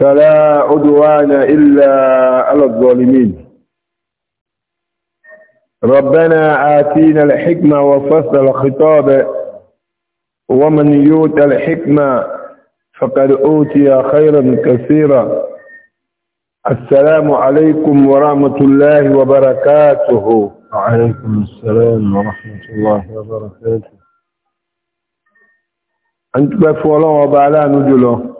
فلا عدوان إلا على الظالمين ربنا آتينا الحكمة وفصل الخطاب ومن يوت الحكمة فقد أوتي خيرا كثيرا السلام عليكم ورحمة الله وبركاته وعليكم السلام ورحمة الله وبركاته أنت بفولا وبعلا نجله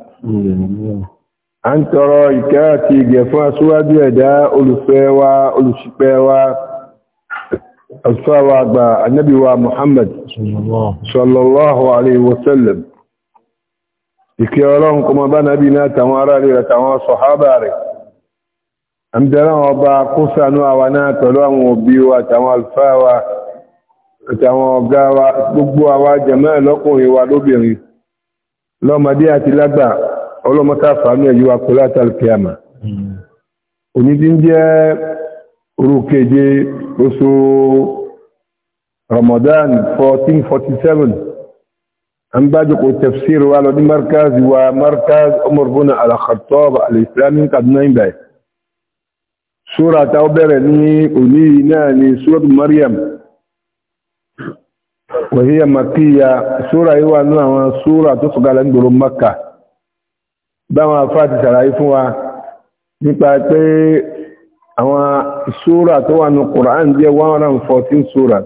a ń tọrọ ìkẹ́ àti ìgẹ̀ fún aṣíwájú ẹ̀dá olùfẹ́ wa olùṣìpẹ̀ wa alfawa àgbà annabi wa muhammad sallallahu alaihi wasallam ìkẹ́ ọlọ́run kọmọ bá nàbí náà tàwọn ará rẹ̀ tàwọn sọ̀hábà rẹ̀ àmìdẹ́rán ọba lọ́mọdé àti lágbàá ọlọ́mọta fàánú ẹ̀yọ́ akọlá àtàlùkíyàmà onídí ń jẹ́ orúkeje oṣù Ramadan 1447 an bá jùkú tafsir wa lọ ní markaz wa markaz Umar bin al-Khattab al-Islami Kaduna ibẹ̀ ṣúra ta bẹ̀rẹ̀ ní òní náà ni ṣúra Maryam wàhíyà makiya ṣúra yíwa náà wọn ṣúra tó sọ̀gá lẹ́gbẹ̀rún Makkah báwọn afá ti sàlàyé fún wa nípa pé àwọn súra tó wà ní Qur'an jẹ́ 114 súra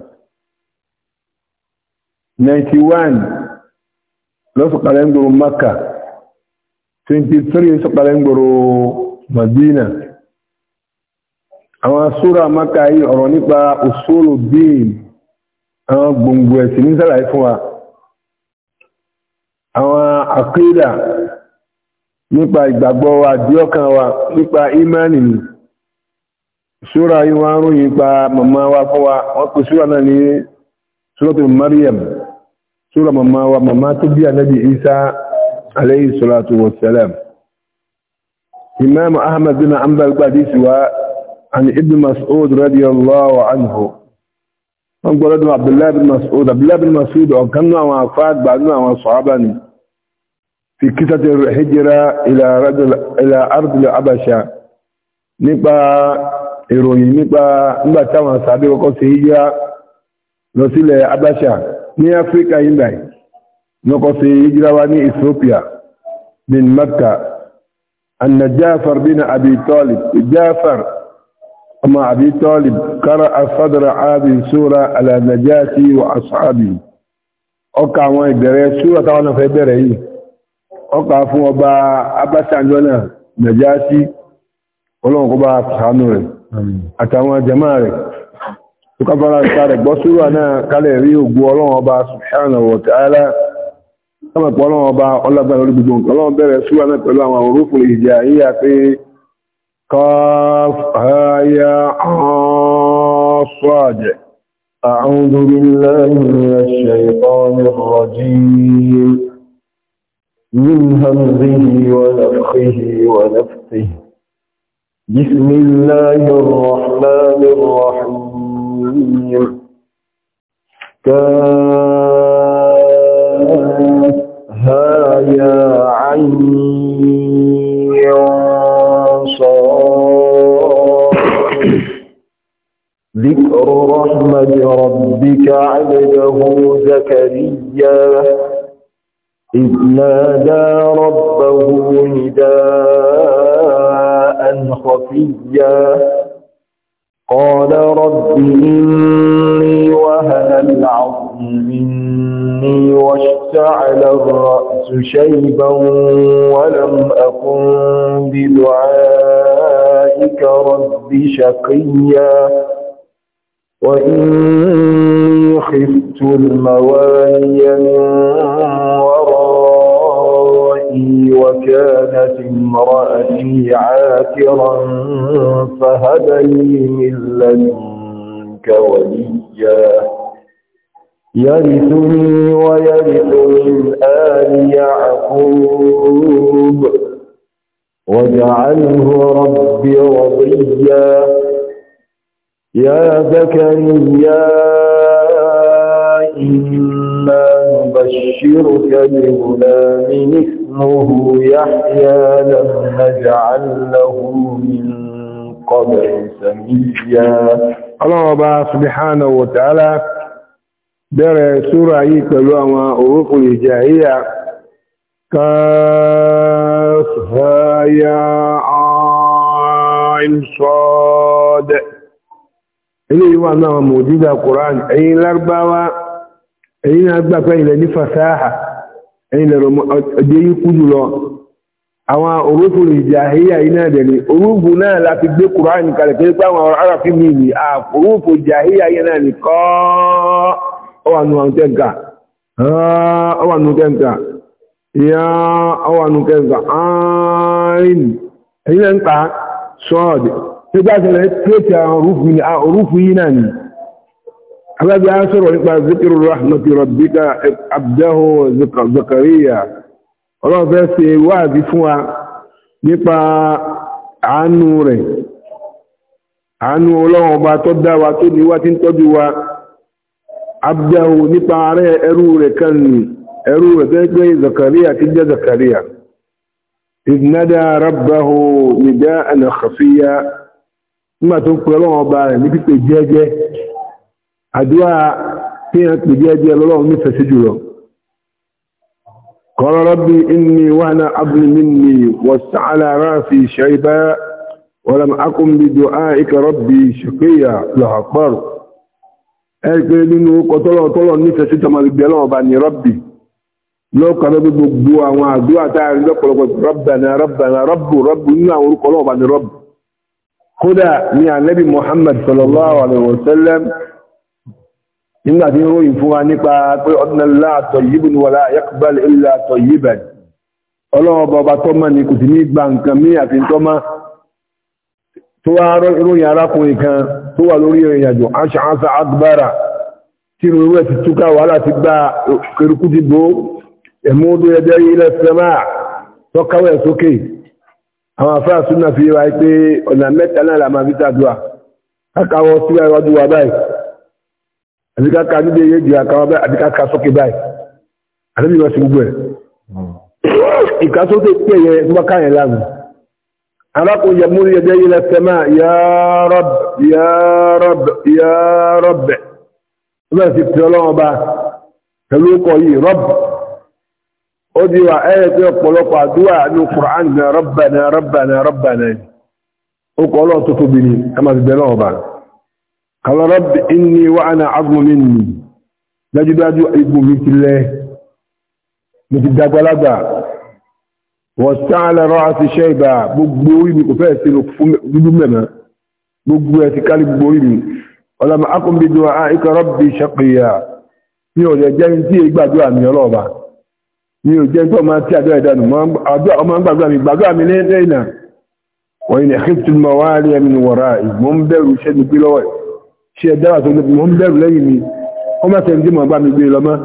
91 lọ́sọ̀kàlẹ̀ ń gbòrò Makka 23 sọ̀kàlẹ̀ ń gbòrò Madina àwọn súra Makka yìí ọ̀rọ̀ nípa usulu din àwọn gbòǹgbò ẹ̀sìn ní sàlàyé fún wa àwọn àkídà nípa ìgbàgbọ́ wa díọ́kàn wa nípa imani ni ṣúra yíwa ń ròyìn pa màmá wa fún wa wọ́n pè ṣúra náà ní ṣúrọ́tù Maryam ṣúra màmá wa màmá tó bí ànábì Isa alayhi salatu wa salam imam ahmad bin ambal gbadisi wa an ibn mas'ud radiyallahu ni في كتاب الهجرة إلى رجل إلى أرض العبشة nípa ìròyìn nípa nígbà táwọn sàbí kọ́kọ́ sí hijira lọ sílẹ̀ Abasha ní Áfíríkà yìí lọ́kọ́ sí hijira wá ní Ethiopia bin Makka anna Jafar bin Abi Talib Jafar ọmọ Abi Talib kára afádàrà ábí sóra ala Najashi wa ashabi ọkà àwọn ìbẹ̀rẹ̀ sóra táwọn náà bẹ̀rẹ̀ yìí ọkà fún ọba abásanjọ́ náà Nàjàsí ọlọ́run kó bá sàánú rẹ̀ àtàwọn jàmá rẹ̀ tó kábára sáré gbọ́ súrà náà kálẹ̀ rí ògbó ọlọ́run ọba subhanahu wa ta'ala sábàpọ̀ ọlọ́run ọba أعوذ بالله من الشيطان الرجيم من همزه ونفخه ونفثه بسم الله الرحمن الرحيم كافها يا عين ذكر رحمة ربك عبده زكريا إذ نادى ربه نداء خفيا قال رب إني وهن العظم مني واشتعل الرأس شيبا ولم أكن بدعائك رب شقيا وإني خفت الموالي من وكانت امرأتي عاكرا فهب لي من لدنك وليا يرثني ويرث من آل يعقوب واجعله ربي رضيا يا زكريا إن إنا نبشرك بغلام اسمه يحيى لم نجعل له من قبل سميا الله سبحانه وتعالى bẹ̀rẹ̀ súra yìí pẹ̀lú àwọn orúkù ìjàíyà káàsìfáyà àìsọ́dẹ̀ ilé ìwà náà mọ̀jídà kùrán ẹ̀yin lárúbáwá ẹ̀yin náà gbà pé ilẹ̀ ní fasáhà ẹ̀yin lẹ̀rọ ọdẹ yìí kú jùlọ àwọn orúfò jàhíyà iná dẹ̀lẹ̀ orúfò náà láti gbé kùránì kalẹ̀ pé pé àwọn ará fi mí ní orúfò jàhíyà iná ní kọ́ ọwànú tẹ́ǹkà ọwànú tẹ́ǹkà ìyá ọwànú tẹ́ǹkà ààrin ẹ̀yin náà ń pa sọ́ọ̀dì هذا ياسر ذكر رحمة ربك عبده زكريا ọlọ́run fẹ́ ṣe wáàbí fún wa nípa àánú rẹ̀ àánú ọlọ́run ọba tó dá wa tó ní wá tí ń tọ́jú wa abdáhù nípa ààrẹ ẹrú rẹ̀ kan ní ẹrú rẹ̀ tó pé zakaria ti jẹ́ zakaria ìdínádà rabbahu nìdá ànàkàfíyà nígbà tó pẹ̀lú ọba rẹ̀ ní pípẹ̀ jẹ́jẹ́ adua tiyan bidiyadiya lolong nifa si julo qala rabbi inni wa ana abni minni wasta'ala rasi ولم أقم بدعائك ربي شقيا لا أكبر أكبر منه قتل قتل نفس ستة من بيلو بني ربي لو كان بدو دعاء ما دعاء تعالى قل ربنا ربنا رب رب إنا ورقل بني رب خدا من النبي محمد صلى الله عليه وسلم nígbà tí ó yìn fún wa nípa pé ọdúnlá àtọ̀yíbùn wàlá yaqbal illa tayyiban ọlọ́ọ̀bọ̀ ọba tọ́mà ní kò sí ní gba nǹkan mí àti tọ́mà tó wá ròyìn arákùnrin kan tó wà lórí ìrìnàjò aṣááṣá agbára tí rúrú ti túká wàhálà ti gba kẹrùkú ti bó ẹ̀mọ́dó ẹgbẹ́ ilẹ̀ àbíká ká níbi eré di àkàwà báyìí àbíká ká sókè báyìí àdébí wọ́n sí gbogbo ẹ̀ ìkásókè pé yẹ mọ́ká yẹn lánà arákùn yẹ múrí ẹgbẹ́ yìí lẹ́sẹ̀ máa yá rọ́b yá rọ́b yá rọ́b ó bẹ̀rẹ̀ sí pé ọlọ́wọ́n bá pẹ̀lú ọkọ̀ yìí rọ́b ó di wà ẹ̀yẹ pé ọ̀pọ̀lọpọ̀ àdúrà ní Kùránì náà rọ́bà náà rọ́bà náà rọ́bà náà ó kọ́ tó tóbi ni ẹ máa fi bẹ̀rẹ̀ ọ̀bà قال رب إني وأنا عظم مني لجد أدو أبو مثله مثل دقلقا واستعلى رأس شيبة بقبوري من أفاسي بجمما بقبوري تكالي بقبوري ولما أقم بدعائك ربي شقيا mi ò lè jẹ́ ní tí èyí gbàdúrà mi ọlọ́ọ̀bà mi ò jẹ́ tó máa tí àdúrà ìdánù ọmọ gbàdúrà mi gbàdúrà mi lẹ́yìn náà wọ́n ilẹ̀ kíkún mọ̀ wá rí ẹ̀mí wọ̀rá ìgbọ́n bẹ̀rù iṣẹ́ ní pílọ́wọ́ ṣe ẹ̀dá wà tó lẹ́bi wọ́n bẹ̀rù lẹ́yìn mi wọ́n máa tẹ̀lé mọ̀ bá mi gbé lọ́mọ́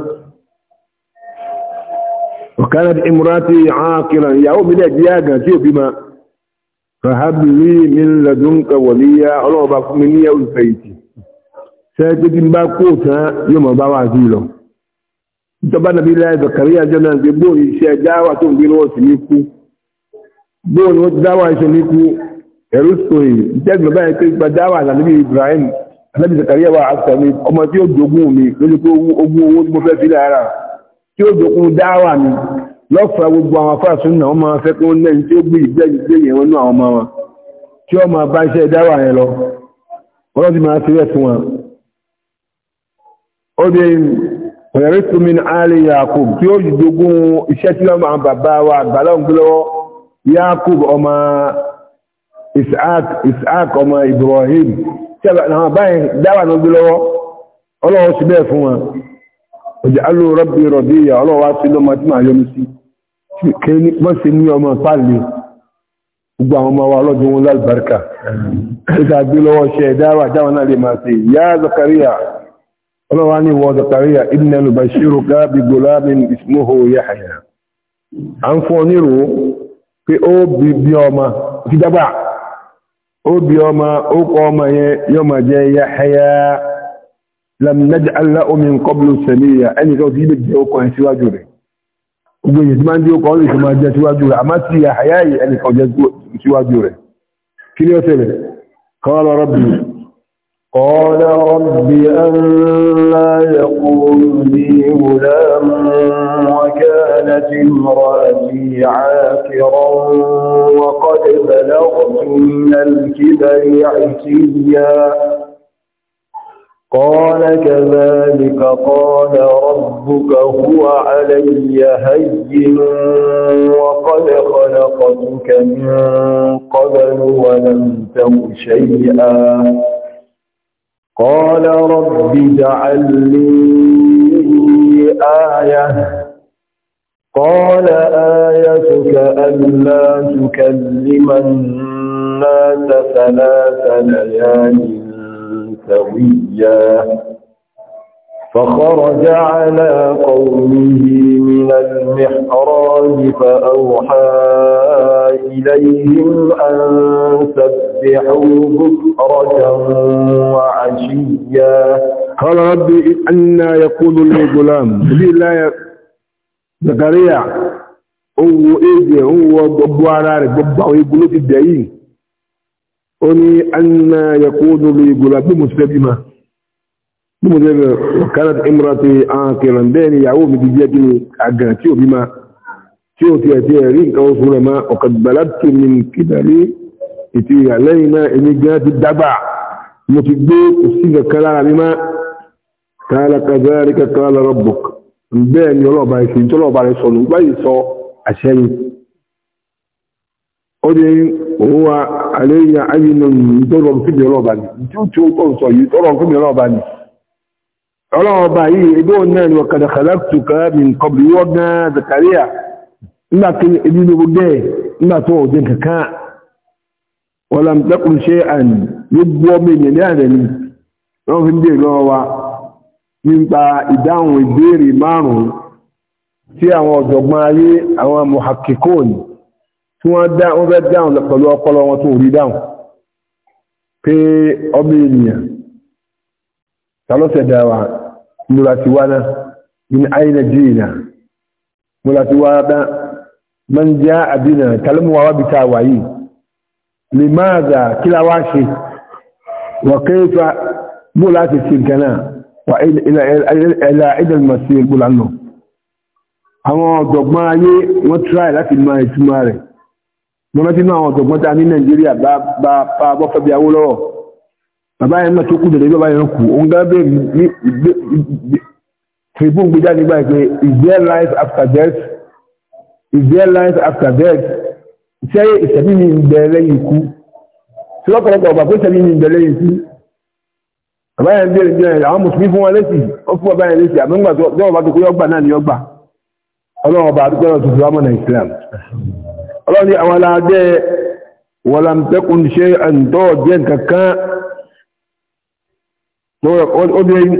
ọ̀kánà tí imurati ààkìrà ìyàwó mi dẹ̀ díẹ̀ àgàn tí òbí ma rahabili mi lẹ́dùn kẹwọ̀lì yá ọlọ́wọ́ bá fún mi ní ẹ̀rù fẹ̀yìntì sẹ́yìn pé tí n bá kó tán yóò mọ̀ bá wà sí lọ ìjọba nàbí láì zakari àjọ náà bóòlù iṣẹ́ dáwà dáwà iṣẹ́ ní kú ẹ̀rú sọ̀rọ̀ pé gba dáwà nàbí Ibrahim alábi zakariya wa asami ọmọ tí ó jogún mi lójú pé ogún owó tí mo fẹ́ fi lára tí ó jogún dáwà mi lọ́fà gbogbo àwọn afáàsùn náà wọ́n máa fẹ́ pé wọ́n lẹ́yìn tí ó gbé ìgbẹ́yìn yẹn wọn nú àwọn ọmọ wọn tí ó máa bá iṣẹ́ dáwà yẹn lọ wọ́n ti máa ṣeré fún wọn. ó dé ọ̀yẹ̀rí tómi ní alẹ́ tí ó jogún iṣẹ́ tí wọ́n máa bàbá wa àgbàlá àwọn báyìí dáwà náà gbé lọ́wọ́ ọlọ́wọ́ sí bẹ́ẹ̀ fún wọn ọjà alò rọ́bì rọ̀bì ìyà ọlọ́wọ́ sí lọ́mọ tí màá yọmí sí wọ́n sì ní ọmọ pàlè gbogbo àwọn ọmọ wa ọlọ́dún wọn lálùbáríkà ìta gbé lọ́wọ́ ṣe dáwà dáwà náà lè máa ṣe yá Zakaria ọlọ́wọ́ ní wọ Zakaria inna nubashiruka bi gulamin ismuhu Yahya à ń fọ́ nírò pé ó bí o bioma o kpommaye yo ma je ya haya lam na je allah ummin kubru samiha enyi ka o si yibe biyoo kwan siwa jure ogbe njem maa njigho kwan ijumaa ji siwa jure ama si ya haya eyi enyi ka o ji siwa jure kiri osele ka o wara o قال رب أنا يقول لي غلام وكانت امرأتي عاكرا وقد بلغت من الكبر عتيا قال كذلك قال ربك هو علي هين وقد خلقتك من قبل ولم تك شيئا قال رب اجعل لي آية قال آيتك ألا تكلم الناس ثلاث ليال سويا فخرج على قومه من المحراب فأوحى إليهم أن سبحوا بكرة وعشيا قال ربي أنا يقول لي غلام لا زكريا هو إيدي هو بابو عراري بابو يقولوا في أني أنا يقول لي غلام مسلمة mo ṣe bẹ kanat imrati ankiran bẹ́ẹ̀ ni ìyàwó mi ti jẹ́ kí ni àgàn tí òbí ma tí ò tiẹ̀ tiẹ̀ rí nǹkan oṣù rẹ̀ ma ọ̀kad balagtu min kibari ètò ìyàlẹ́yìn náà èmi gan ti dábà mo ti gbé kò sí kankan lára mi ma kala kadhalika qala rabbuk bẹ́ẹ̀ ni ọlọ́ọ̀bá rẹ̀ sì ń tọ́lọ́ọ̀bá rẹ̀ sọ̀nù báyìí sọ àṣẹyìn ó dé òun wa àlẹ́yìn àyìnà ìtọ́rọ̀ fún mi ọlọ́ọ̀bá ni tí ó tí ó tọ́ sọ yìí tọ́rọ̀ fún mi ọlọ́ọ̀bá ni ọlọ́wọ́ bá yìí ebí òun náà ni ọ̀kadà kàlákùtù kàlábì nkọ̀bì wọ́n náà zakaria nígbà tí ebi gbogbo dẹ́ nígbà tó ọ̀dẹ́ kankan wọ́n làm tẹ́kùn ṣe àn ní gbọ́ mẹ́yìn ní àrẹ̀ ni wọ́n fi ń bèèrè lọ́wọ́ wa nípa ìdáhùn ìbéèrè márùn-ún tí àwọn ọ̀jọ̀gbọ́n ayé àwọn muhakkikun tí wọ́n fẹ́ dáhùn pẹ̀lú ọpọlọ wọn tó rí dáhùn pé ọmọ ènìyàn ta mulati wana min aina jina mulati wana man jaa bina talmu wa bita wayi limadha kila washi wa kayfa mulati tilkana wa ila ila ila ila al-masir bulanno àwọn ọ̀jọ̀gbọ́n ayé wọ́n try láti máa ìtumọ̀ rẹ̀ mo rántí náà àwọn ọ̀jọ̀gbọ́n ta ní nàìjíríà bá bá bá bọ́fẹ́ bí awó lọ́wọ́ bàbá yẹn náà tó kú dẹ̀dẹ̀ bàbá yẹn kú òun gá bẹ́ẹ̀ ní tribune gbé jáde nígbà pé is there life after death is there life after death ṣé ìṣẹ́bí mi ń bẹ lẹ́yìn ikú ṣé lọ́pọ̀lọpọ̀ ọ̀gbà pé ìṣẹ́bí mi ń bẹ lẹ́yìn ikú bàbá yẹn bẹ̀rẹ̀ bí ẹ̀rẹ̀ àwọn mùsùlùmí fún wọn lẹ́sì ó fún bàbá yẹn lẹ́sì àmọ́ nígbà tó ọba tó kú yọgbà náà ni yọgbà ọlọ́run ọba àdúgbò náà tuntun amọ̀nà Islam ọlọ́run ni àwọn aláàdẹ́ wọ̀làǹtẹ́kùn ṣe àǹtọ́ díẹ̀ kankan obìnrin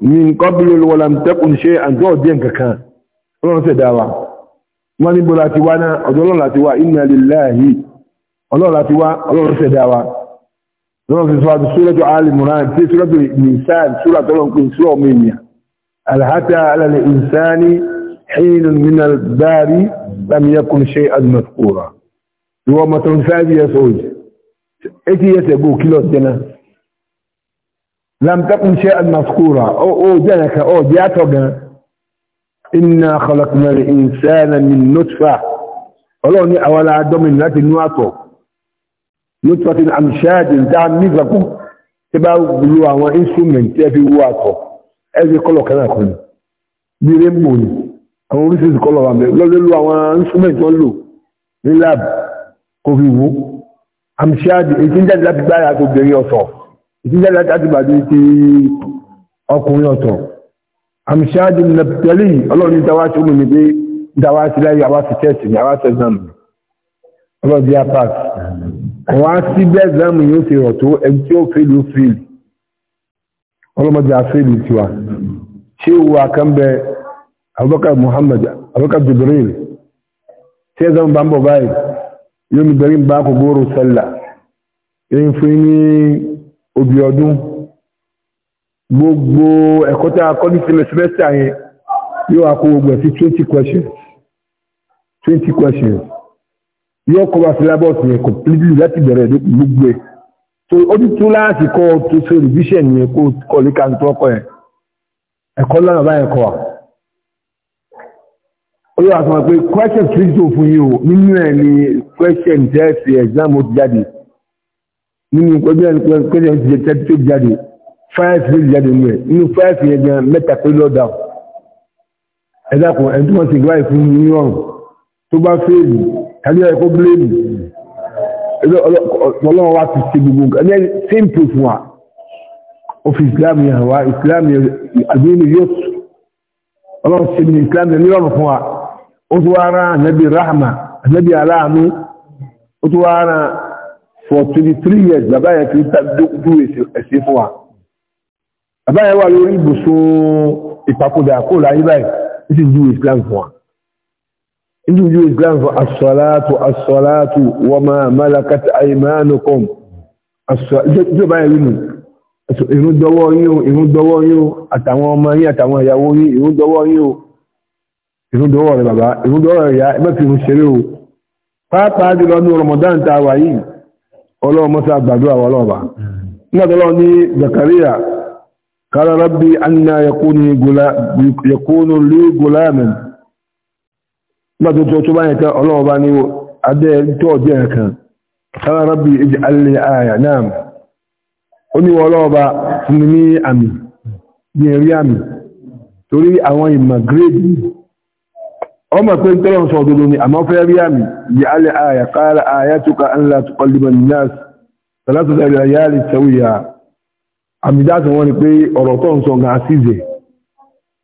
ní nǹkan bí lórí wọ́n lámtẹ́kùn ṣe àjọ òdí nǹkankan ọlọ́run tẹ̀ dáwà wọ́n ní bọ́lá ti wá náà ọ̀dọ̀ ọlọ́run láti wá inna lillahi ọlọ́run láti wá ọlọ́run tẹ̀ dáwà lọ́run fi sọ́wọ́ suratu Ali Imran tí suratu Nisan sura tọ́lọ́n pín sura ọmọ ènìyàn alhata ala al-insani years old 80 years ago kí lọ́ọ̀ لم تكن شيئا مذكورا او او جنك او جاتوغا انا خلقنا الانسان من نطفه ولو ني اولا دومين لاتي نواتو نطفه امشاج تعميزكم تبا بلوا وان انسومنت تبي واتو ازي كلو كان كل بيرمون او ريسيز كلو وام لو لو وان انسومنت لو لاب كوفيو امشاج انجا لاب بايا تو بيري اوسو ìtìjẹ́ láti bàbí ti ọkùnrin ọ̀tọ̀ àmìṣáàdì nẹ̀pẹ̀lì ọlọ́run dáwàṣí omi ní pé dáwàṣí láyé àwáṣí tẹ́ẹ̀sì ní àwáṣí ẹ̀zàmù ọlọ́dí apax àwọn àṣí bẹ́ẹ̀ ẹ̀zàmù yóò fi rọ̀ tó ẹni tí ó fèlú fèlú ọlọ́mọdé afẹ́lú tiwa ṣé wo àkànbẹ Abubakar Muhammad Abubakar Jibril tí ẹ̀zàmù bá ń bọ̀ báyìí yóò mi bẹ̀rẹ̀ ń bá kò gbóòrò sẹ́là yóò fún ní obì ọdún gbogbo ẹ̀kọ́ tí a kọ́ ní semester yẹn yóò wá gbogbo ẹ̀ sí twenty questions 20 questions yóò kọ́ bá syllabus yẹn completely láti bẹ̀rẹ̀ gbogbo ẹ̀ so ó ti tún láti kọ́ tó ṣe revision yẹn kó kọ́ lé kan tó ọkọ̀ yẹn ẹ̀kọ́ lọ́nà báyẹn kọ́ wa ó yóò wá sọ pé question three tó fún yín o nínú ẹ̀ ni question test exam ó ti jáde nínú ọjọ́ ìpínlẹ̀ ìjẹ́ tẹ́tí tó jáde fáìfì tó jáde mú ẹ̀ nínú fáìfì yẹn gan mẹ́ta pé lọ́dà ẹ̀dàkùn ẹ̀dùn wọn sì gbáyé fún ní ọ̀rùn tó bá fèèrè tàbí ẹ̀kọ́ bíléèmù ọlọ́run wa ti ṣe gbogbo nǹkan ẹ̀yẹ simple fún wa ó fi islam yẹn wa islam yẹn àgbéyìn yóò ọlọ́run ṣe ní islam yẹn nírọ̀rùn fún wa ó tún wá rán ànábì rahma ànábì aláàánú ó tún for twenty three years bàbá yẹn fi dúró ẹ̀sìn fún wa bàbá yẹn wà lórí ibùsùn ìpapòdà àkóòlà ayé báyìí ó sì ju Islam fún wa inú ju Islam fún asọ́látù asọ́látù wọ́n máa málakàtà àìmánukọ́m ìjọba yẹn nínú ìrún dọwọ́ yín o ìrún dọwọ́ yín o àtàwọn ọmọ yín àtàwọn ìyàwó yín ìrún dọwọ́ yín o ìrún dọwọ́ rẹ̀ bàbá ìrún dọwọ́ rẹ̀ yá ẹ má fi ìrún ṣeré o pàápàá Ramadan ọlọ́wọ́ mọ́sá àgbàdo àwọn ọlọ́ọ̀bá nígbàtọ́lọ́ ni Zakariya kára rabbi anna yakunu lè gulamin ya tó bá yẹn kan ọlọ́ọ̀bá ní adé tó ọjọ́ kan rabbi torí ọmọ pé ń tọ́lọ̀ sọ òdodo ni àmọ́ fẹ́ rí àmì yà á lè àyà kára àyà tó ka ńlá tó kọlùmọ̀ nìyàs tọ́lọ́tọ̀ tẹ̀lé àyà lè tẹ̀wé ya àmì dáàtì wọn ni pé ọ̀rọ̀ tó ń sọ gan àṣìzè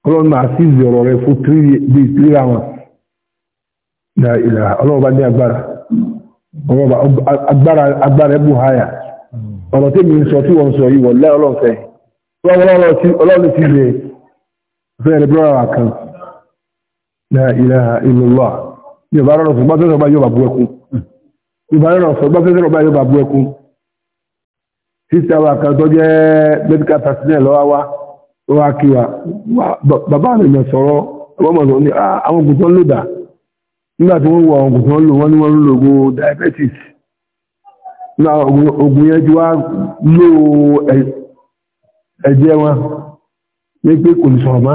ọlọ́run máa ṣìzè ọ̀rọ̀ rẹ fún bíi tíríra wọn na ìlà ọlọ́run bá ní agbára agbára ẹbù háyà ọ̀rọ̀ tí mi ń sọ tí wọ́n sọ yìí wọ̀ ọlọ́run fẹ́ na ilaha illallah yóò bá rọrùn fún gbọ́sẹ̀sẹ̀ ọba yóò bá bú ẹkún yóò bá rọrùn fún gbọ́sẹ̀sẹ̀ ọba ah, wọ́n wọ lò wọ́n ní wọ́n diabetes ní wá wọn ní pé kò sọ̀rọ̀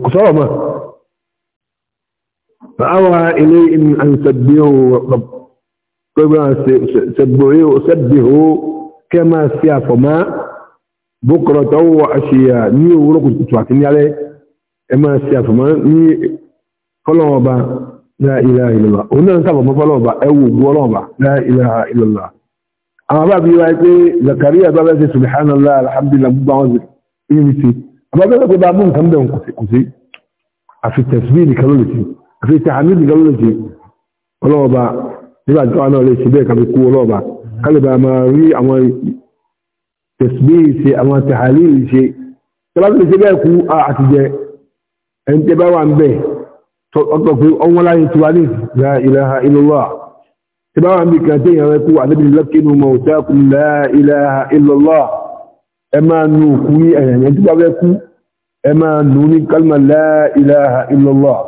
kò sọ̀rọ̀ mọ́ fàáwà ilé ànsẹ̀bíhó gbogbo ànsẹ̀bíhó sẹ́bíhó kẹ́ máa sí àfọ̀má bókọ̀rọ̀ tó wọ àṣìyà ní òwúrọ̀ kùtùkùtù àti ní alẹ́ ẹ máa sí àfọ̀má ní fọ́lọ́ọ̀ba la ilaha illallah òun náà àbábẹ́ lọ́pẹ́ bá mú nǹkan bẹ̀rún kò sí àfi tẹ̀síbí nìkan ló lè ṣe àfi tẹ̀hámí nìkan ló lè ṣe ọlọ́ọ̀ba nígbà tí wọn lè ṣe bẹ́ẹ̀ kàfi kú ọlọ́ọ̀ba kálíbà máa rí àwọn tẹ̀síbí ṣe àwọn tẹ̀hálí ṣe tẹ́lá tó lè ṣe bẹ́ẹ̀ kú àtijẹ́ ẹni tẹ́ bá wà ń bẹ̀ ọgbà pé ọwọ́n láyé tiwa ní la ilaha illallah tẹ́ bá wà ń bì kan tẹ́yìn rẹ kú àdébìnrin lọ́kínú mọ̀ ẹ máa nu òkú ní ẹ̀yẹ̀yẹ́ tó bá fẹ́ kú ẹ máa nù ní kalma la ilaha illallah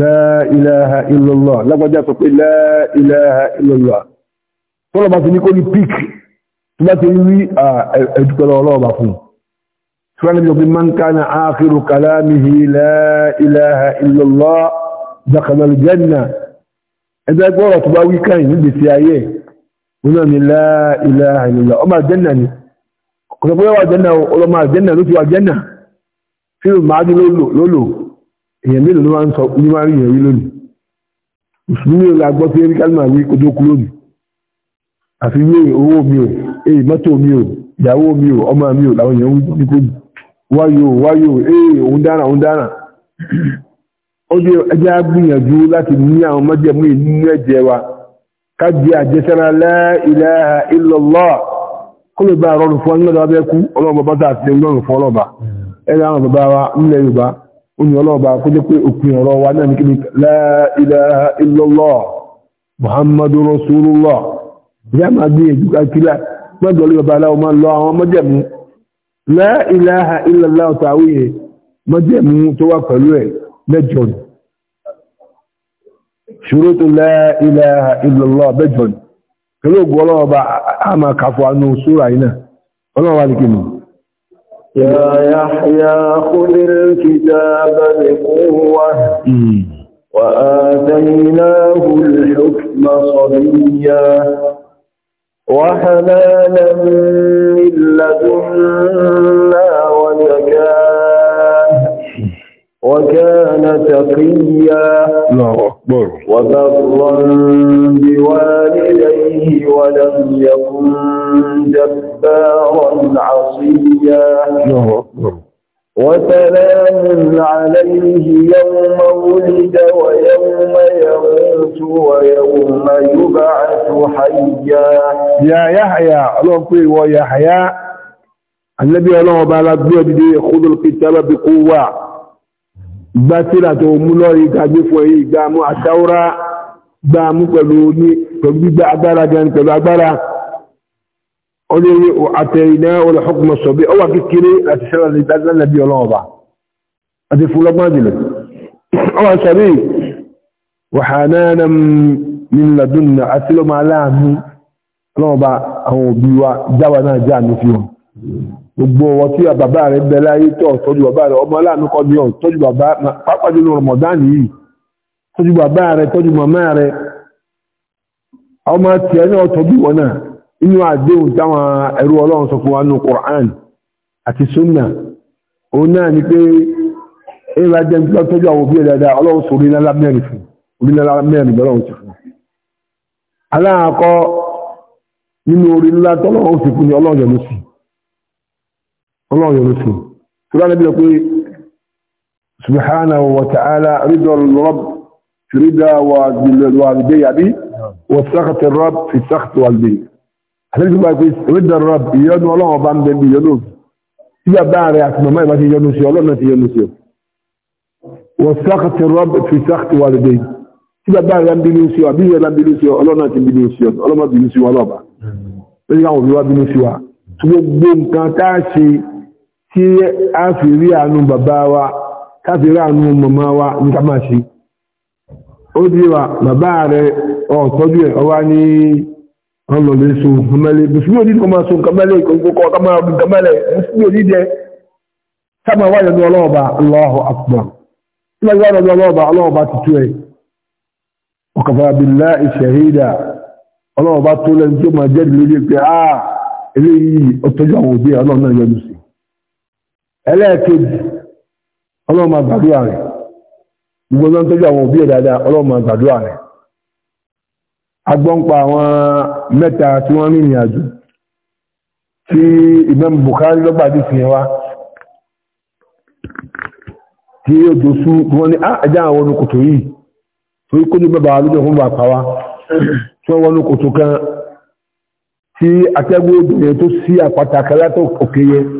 la ilaha illallah lágbàjá sọ pé la ilaha illallah tọ́lọ̀ bá ti ní kó ní pík tó bá ti rí ẹ̀dùkọ́lọ́ ọlọ́ọ̀bà fún ṣúwánà bí man kana akhiru kalamihi la ilaha kòsòpóyà wà jẹ́nà ọlọ́mọ àjẹ́nà ló ti wà jẹ́nà tí ó máa dí lólò èèyàn mélòó ló máa ń sọ ní máa rí èèyàn rí lónìí mùsùlùmí ò lágbọ́ sí erí kálímà wí kójú okú lónìí àfi wí owó mi ò èyí mọ́tò mi ò ìyàwó mi ò ọmọ mi ò làwọn èèyàn wí kó wáyò wáyò èyí òun dára òun dára ó dé ẹjẹ́ á láti ní àwọn mọ́jẹ̀mú ìnú ẹ̀jẹ̀ wa ká jẹ́ àjẹsára la ilaha illallah kó lè bá rọrùn fún ọlọ́dọ̀ abẹ́kú ọlọ́ọ̀bá bá tàà ti rọrùn fún ọlọ́ọ̀bá ẹ̀rẹ́ àwọn bàbá wa nílẹ̀ yorùbá ó ní ọlọ́ọ̀bá kó jẹ́ pé òpin ọ̀rọ̀ wa náà ní kí ni la ilaha illallah muhammadu rasulullah ìyá máa gbé èjú kakílá mọ́jọ́ lè bàbá aláwọ̀ máa lọ àwọn mọ́jẹ̀mú la ilaha illallah pẹ̀lú ògùn ọlọ́wọ́ bá a máa kàfọ́ anú sóra iná ọlọ́wọ́ wá ní kí ni يا يحيى خذ الكتاب بقوة وآتيناه الحكم صبيا وحنانا من لدنا وزكاه وكان تقيا الله أكبر وبرا بوالديه ولم يكن جبارا عصيا الله أكبر وسلام عليه يوم ولد ويوم يموت ويوم يبعث حيا يا يحيى الله ويحيى النبي الله بلد بيده خذ الكتاب بقوه gbátírà tó mú lọ́rí gbàgbé fún èyí gbàmú àtàwọ́rá gbàmú pẹ̀lú ní pẹ̀lú gbígbà agbára gan pẹ̀lú agbára ọlọ́rí àtẹ iná olùhọ́kùnmọ̀ sọ̀bí ọwà kékeré láti sẹ́rọ̀ lẹ́nàbí ọlọ́ọ̀bà àti fúlọ́gbọ́n jùlọ ọwà sọ̀bí wàhánánà nílàdúnnà àti lọ́mọ aláàánú ọlọ́ọ̀bà àwọn gbogbo ọwọ tí bàbá rẹ bẹ láyé tọ́ tọ́jú bàbá rẹ ọmọ aláàánú kọ́ ní ọ̀n bàbá pàápàá jùlọ rọmọdánì yìí tọ́jú bàbá màmá ọmọ tiẹ̀ náà tọ́jú wọn náà inú àdéhùn táwọn ẹrú ọlọ́run sọ fún wa nù Qur'an àti sunna òun náà ni pé bá àwọn òbí dáadáa sọ ọlọ́run yọrọ sí tó bá níbi pé subhanahu wa ta'ala ridọ rọb ridọ wa wàlùdé yàbí wà sàkàtà rọb fi sàkàtà wàlùdé àtẹ́lẹ́sì bá pé ridọ rọb ìyọnu ọlọ́run ọba ń bẹ bí ìyọnu tí bàbá rẹ àti màmá ìbá ti yọnu sí ọlọ́run náà ti yọnu sí wà sàkàtà rọb fi sàkàtà wàlùdé tí bàbá rẹ ń bínú sí ọ àbí ìyẹn bínú sí ọ ti bínú sí ọ bínú sí wa lọ́ba lórí hmm. àwọn òbí wa bínú sí wa tí gbogbo nǹkan tá ṣe tí a fi rí àánú afọ iri anụ rí àánú màmá wa ní ká máa ṣe ó dí wa bàbá rẹ̀ ní ọlọ́lẹ̀ so kàmẹ́lẹ̀ bùsùn yóò dị kọ́ máa so kàmẹ́lẹ̀ kọ́ kàmẹ́lẹ̀ kàmẹ́lẹ̀ bùsùn yóò dídì sábà wà lọ́dọ̀ ọlọ́ọ̀bà Allahu akbar ẹlẹ́ẹ̀kejì ọlọ́run máa gbàdúrà rẹ̀ gbogbo náà tọ́jú àwọn òbí ẹ̀ dáadáa ọlọ́run máa gbàdúrà rẹ̀ agbọ́npa àwọn mẹ́ta tí wọ́n rìnrìn àjò tí Imam Bukhari lọ́gbà dì fi wá tí yóò tó sú wọ́n ní ah, ẹjá àwọn onukòtò yìí kó ní bàbá fún bàbá wa tí wọ́n wọnú kan tí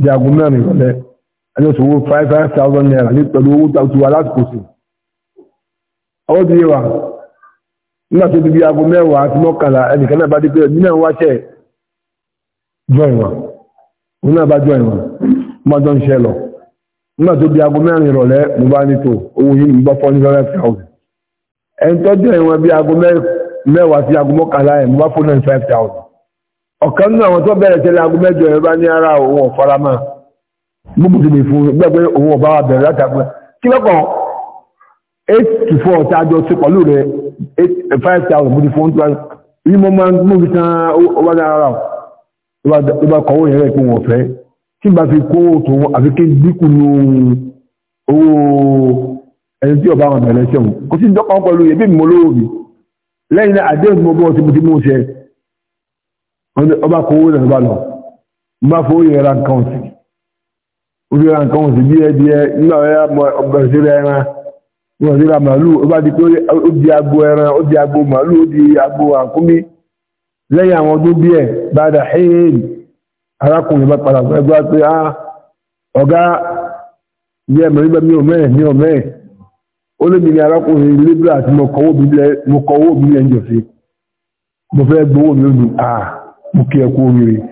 di aago mẹ́rin ìrọ̀lẹ́ ẹni five five thousand naira ní pẹ̀lú owó tó ti wà láti kò sí. ọwọ́ ti yé wa nígbà tó ti di aago mẹ́wàá àti mọ́kànlá ẹnìkan náà bá dé pé ẹ̀mí náà wáṣẹ́ jọ ìwọ̀n òun náà bá jọ ìwọ̀n má jọ ń ọ̀kan náà àwọn tó bẹ̀rẹ̀ tẹ́lẹ̀ aago mẹ́jọ ẹ̀rọ ní ara òun ọ̀fara máa gbogbo ti lè fún gbẹ́gbẹ́ òun ọ̀bá wa bẹ̀rẹ̀ látàgbẹ́ kí lọ́kàn eight to four tá a jọ ṣe rẹ̀ eh, five thousand mo ti fún tó ní mo máa ń mú fi tan ọba ní ara ọ̀ ló bá kọ́wọ́ yẹn rẹ̀ pé wọ́n fẹ́ tí bá fi kó tó àfi kí dínkù ní owó ẹni tí ọba wọn bẹ̀rẹ̀ ṣẹ̀wọ̀n kò sí dọ́kàn pẹ̀lú ẹbí mi mo lówó lẹ́yìn náà àdéhùn mo bọ́ ọ ọba kò owó lẹ́nu bá lọ bá fowó yẹn ra nǹkan ọ̀sìn orí ra nǹkan ọ̀sìn díẹ̀ díẹ̀ nígbà wọ́n bẹ̀rẹ̀ sí ra ẹran wọ́n sí ra màálù ó bá di pé ó di agbo ẹran ó di agbo màálù ó di agbo àkúmí lẹ́yìn àwọn ọdún bí ẹ̀ bàdà hẹ́ẹ̀lì arákùnrin bá padà fún ẹgbẹ́ pé ah ọ̀gá yẹ mọ̀ nígbà mi ò mẹ́ẹ̀ mi ò mẹ́ẹ̀ ó lé mi ní arákùnrin libra àti mo kọ́wọ́ mi lẹ́ńjọ̀ sí mo fẹ́ gbowó mi ó ah mo kí ẹ kú oríire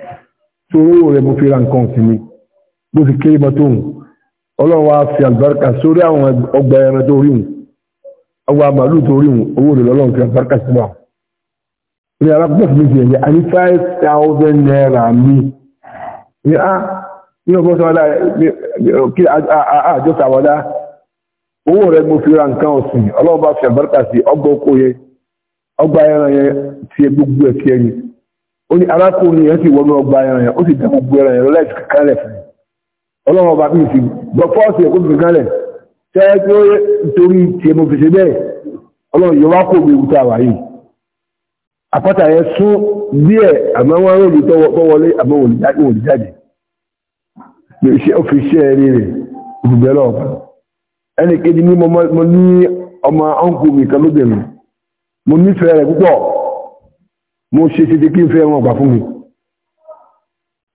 tó owó rẹ mo fi ra nǹkan sí mi bó ti kéré mọ́tò hùn ọlọ́run wa fi àlùbáríkà sórí àwọn ọgbà ẹran tó rí hùn ọgbà màálù tó rí hùn owó rẹ lọ́lọ́run fi àlùbáríkà sí wa ní alákùnrin mi ti ẹ̀yẹ a ní five thousand naira mi ní a ah, ní ọgbọ́n sọ wọlá kí àjọ sàwọlá owó rẹ mo fi ra nǹkan ọ̀sìn ọlọ́run bá fi àlùbáríkà sí ọgbà oko yẹ ọgbà ẹran yẹ ti gbogbo ẹ̀ fi ẹ̀yìn ó ní arákùnrin yẹn sì wọnú ọgbà ẹran yẹn ó sì dá gbogbo ẹran yẹn lọ́lẹ́sì kankanlẹ̀ fún ọlọ́run ọba bíi ti gbọ́ fọ́ọ̀sì ẹ̀kọ́ kankanlẹ̀ tẹ́ẹ́ tí ó yẹ nítorí tiẹ̀ mo fi ṣe bẹ́ẹ̀ ọlọ́run yẹn wá kó mi wúta wà yìí àpáta yẹn sún díẹ̀ àmọ́ wọn rò ní tọ́wọ́ wọlé àmọ́ wòlí jáde ó ṣe ẹ̀rí rẹ̀ òbúgbẹ́ lọ́ọ̀bà ẹnì kejì ní mo ní ọmọ mo ṣe títí kí n fẹ́ wọn gbà fún mi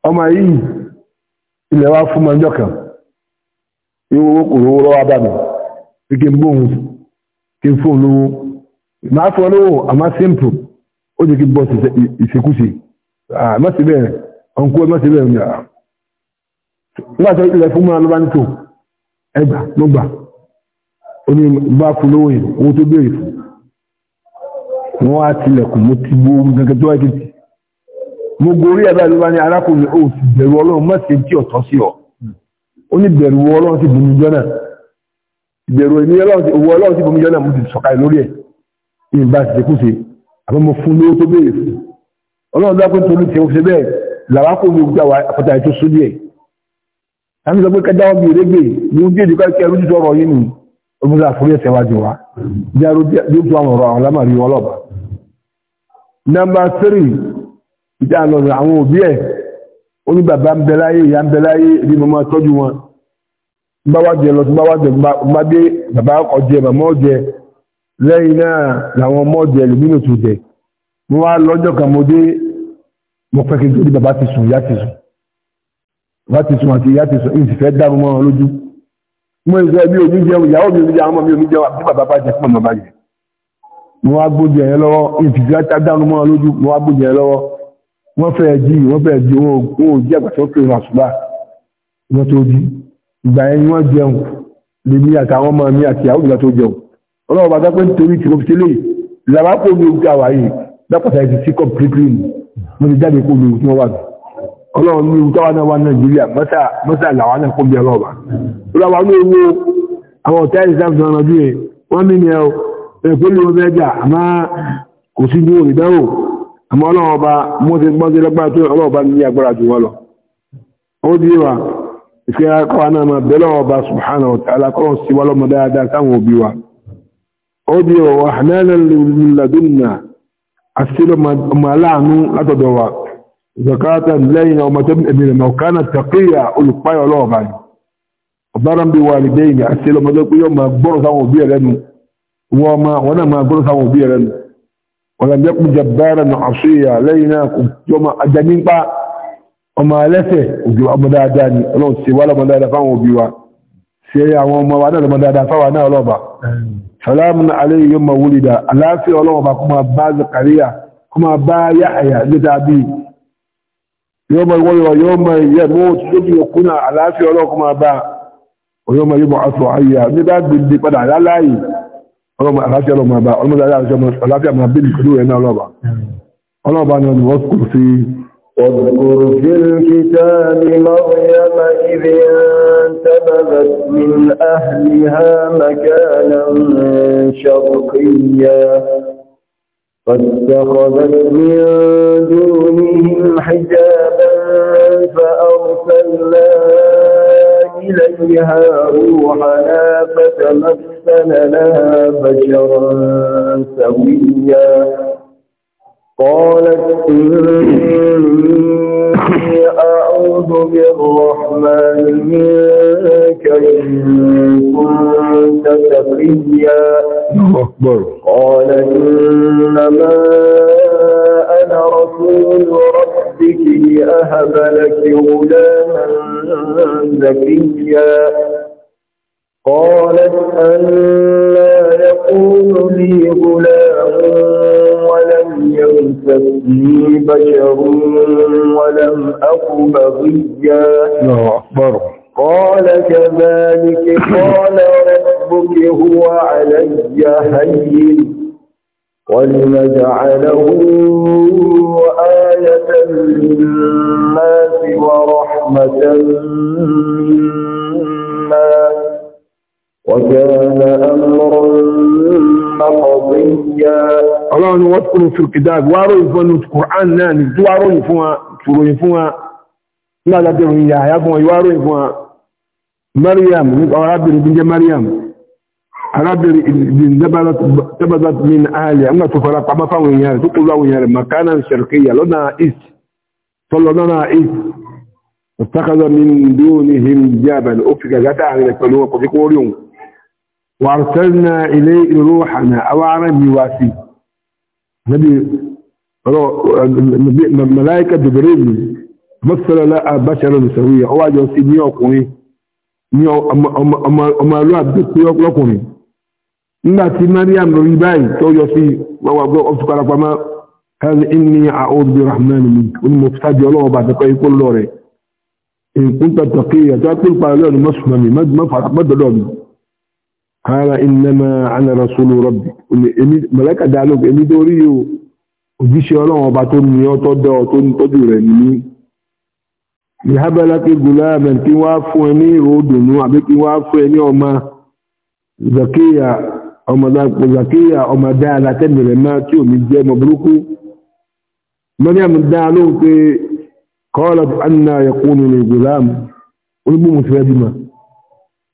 ọmọ yìí ilẹ̀ wa fún mọ́jọ́ kan ìwọ òwò rọ́wà bá mi bí kí n bóhun kí n fún olówó máa fún olówó àmá simple ó jẹ́ kí n bọ́ ìṣekúṣe àmá sí bẹ́ẹ̀ ọ̀nkú ẹmọ́ sí bẹ́ẹ̀ nígbà tó ilẹ̀ fún mọ́ra ló bá ń tò ẹgbà ló gbà ó ní bá fún olówó yìí owó tó béèrè fún wọ́n á tilẹ̀kùn mo ti gbó gẹ́gẹ́ tó wáyé títì mo gorí ẹ̀bá ló bá ní arákùnrin ó ti bẹ̀rù ọlọ́run má ṣe tí ọ̀tọ́ sí ọ ó ní bẹ̀rù ọlọ́run sì bomi jọ́nà ìbẹ̀rù ìní owó ọlọ́run sì bomi jọ́nà mo ti sọ̀ka lórí ẹ̀ ní ìbá ti ṣekúṣe àmọ́ mo fún lówó tó béèrè fún ọlọ́run dákún tó ní ti ṣe bẹ́ẹ̀ làwákùnrin gbà wá àpótá ẹ̀ wa bí arúgbó tó àwọn ọ̀rọ̀ nọmba tírì ìjà lọ́rọ̀ àwọn òbí ẹ̀ ó ní bàbá ń bẹ láyé ìyá ń bẹ láyé ìdí mọ́mọ́ tọ́jú wọn bá wá jẹ lọ tó bá wá jẹ bá dé bàbá ọjẹ màmá ọjẹ lẹ́yìn náà làwọn ọmọ ọjẹ lèmínú tó jẹ mo wá lọ́jọ́ kan mo dé mo fẹ́ kí n tó di bàbá ti sùn ìyá ti sùn bàbá ti sùn àti ìyá ti sùn ìsì fẹ́ dáàbò mọ́ wọn lójú mo ìfẹ́ mi ò ní jẹun ìyàwó mi ò ní jẹun ọmọ mi ò ní jẹun àbí bàbá bá jẹ fún màmá bá jẹ mo wá gbójú ẹ̀yẹn lọ́wọ́ ìfìdí àtàdánù mọ́ lójú mo wá gbójú ẹ̀yẹn lọ́wọ́ wọ́n fẹ́ jí wọ́n fẹ́ jí wọn ò jẹ́ àgbàtọ́ pé wọn àṣùbà wọn tó jí ìgbà yẹn ni wọ́n jẹun lè mí àtàwọn ọmọ mi àti àwọn ìgbà tó jẹun ọlọ́wọ́ bàtà pé nítorí tí mo fi tẹ́lẹ̀ làwọn kò ní ojú àwà yìí lápàtà ìdí sí kọ̀mpútì ni mo ti jáde kó lu tí wọ́n wà ní ọlọ́wọ́ ní ojú táwọn náà wà nàìjíríà mọ́tà làwọn náà kó bí ọlọ́wọ́ bá ọlọ́wọ́ ní owó àwọn ọ̀tá ìsáfì ẹ̀kọ́ ní ọbẹ̀ ẹjà àmá kò sí ní olùdáwò àmọ́ ọlọ́run ọba mú ti gbọ́n sí lọ́gbà tó ọlọ́run ọba ní agbára jù wọ́n lọ ó di wa ìfẹ́ akọ́ àná máa bẹ́ lọ́wọ́ ọba subhanahu wa ta'ala kọ́ sí wa lọ́mọ dáadáa sáwọn òbí wa ó di wa wà hànáàlá lùlùlàdúnà àti ọmọ aláàánú látọ̀dọ̀ wa zakata lẹ́yìn وما وانا ما قلت هو بيرا ولم يكن جبارا عصيا لينا يوم اجنين با وما لسه وجو امدا داني لو سي ولا مدا دفا وبيوا سي awon ma wa na mada dafa wa na oloba salamun alayhi yawma wulida alafi oloba kuma ba zakariya kuma ba yahya litabi yawma wulida yawma yamut yubi kuna alafi ọlọ́mọ àláfíà ọlọ́mọ àbá ọlọ́mọdé àláfíà máa bí nìkan lóore náà lọ́ba ọlọ́ba ni wọ́n kò sí. واذكر في الكتاب مريم إذ انتبذت من إليها روحنا فتمثل لها بشرا سويا قالت إني أعوذ بالرحمن منك إن كنت تقيا أكبر قال إنما أنا رسول ربك لأهب لك غلاما زكيا قالت لا يكون لي غلام ليسني بشر ولم أك بغيا الله أكبر قال كذلك قال ربك هو علي هين ولنجعله آية للناس ورحمة منا وكان أمرا مقضيا الله أنه واذكروا في الكتاب واروا يفنوا القرآن ناني واروا يفنوا شروا يفنوا لا لا تروا إياه يفنوا واروا يفنوا مريم يبقى ربي بنت مريم ربي بن دبلت دبلت من أهلها أما تفرق ما فهموا إياه تقول له إياه مكانا شرقيا لنا إيست صلوا لنا اتخذ من دونهم جبل أفك جتاع لك فلوه قد يقولون وارسلنا إليه روحنا أو عربي واسي نبي ملائكة جبريل مثل لا بشر سوية هو جوسي نيوكوي نيو أما لو أبدت نيوكوي nígbà tí mariam rí báyìí tó yọ sí wọ́wọ́ ọ̀tùkọ́ra pamá káàzì inú àóòdù bí rahman mi onímọ̀ sáàbí ọlọ́wọ́ bá tẹ́kọ́ ikú lọ rẹ̀ ìkúntàtàkì àti àpínpàá lọ́nà mọ́sùlùmí mọ́dọ̀dọ̀ mi قال إنما أنا رسول ربي ملك دالوك إمي دوريو òjíṣẹ́ ọlọ́run ọba tó ní ọ tó dá ọ tó ń tọ́jú rẹ̀ nìyí ìhábẹ́lápé gùláàmẹ̀ kí wá fún ẹ ní ìròdùnú àbí kí wá fún ẹ ní ọmọ zakiya ọmọ dáadáa tẹ́mi rẹ̀ máa tí omi jẹ́ ọmọ burúkú mariam dá pé kọ́ọ̀lọ́ anna yakunu ní gùláàmù onígbòmùsílẹ̀ bímọ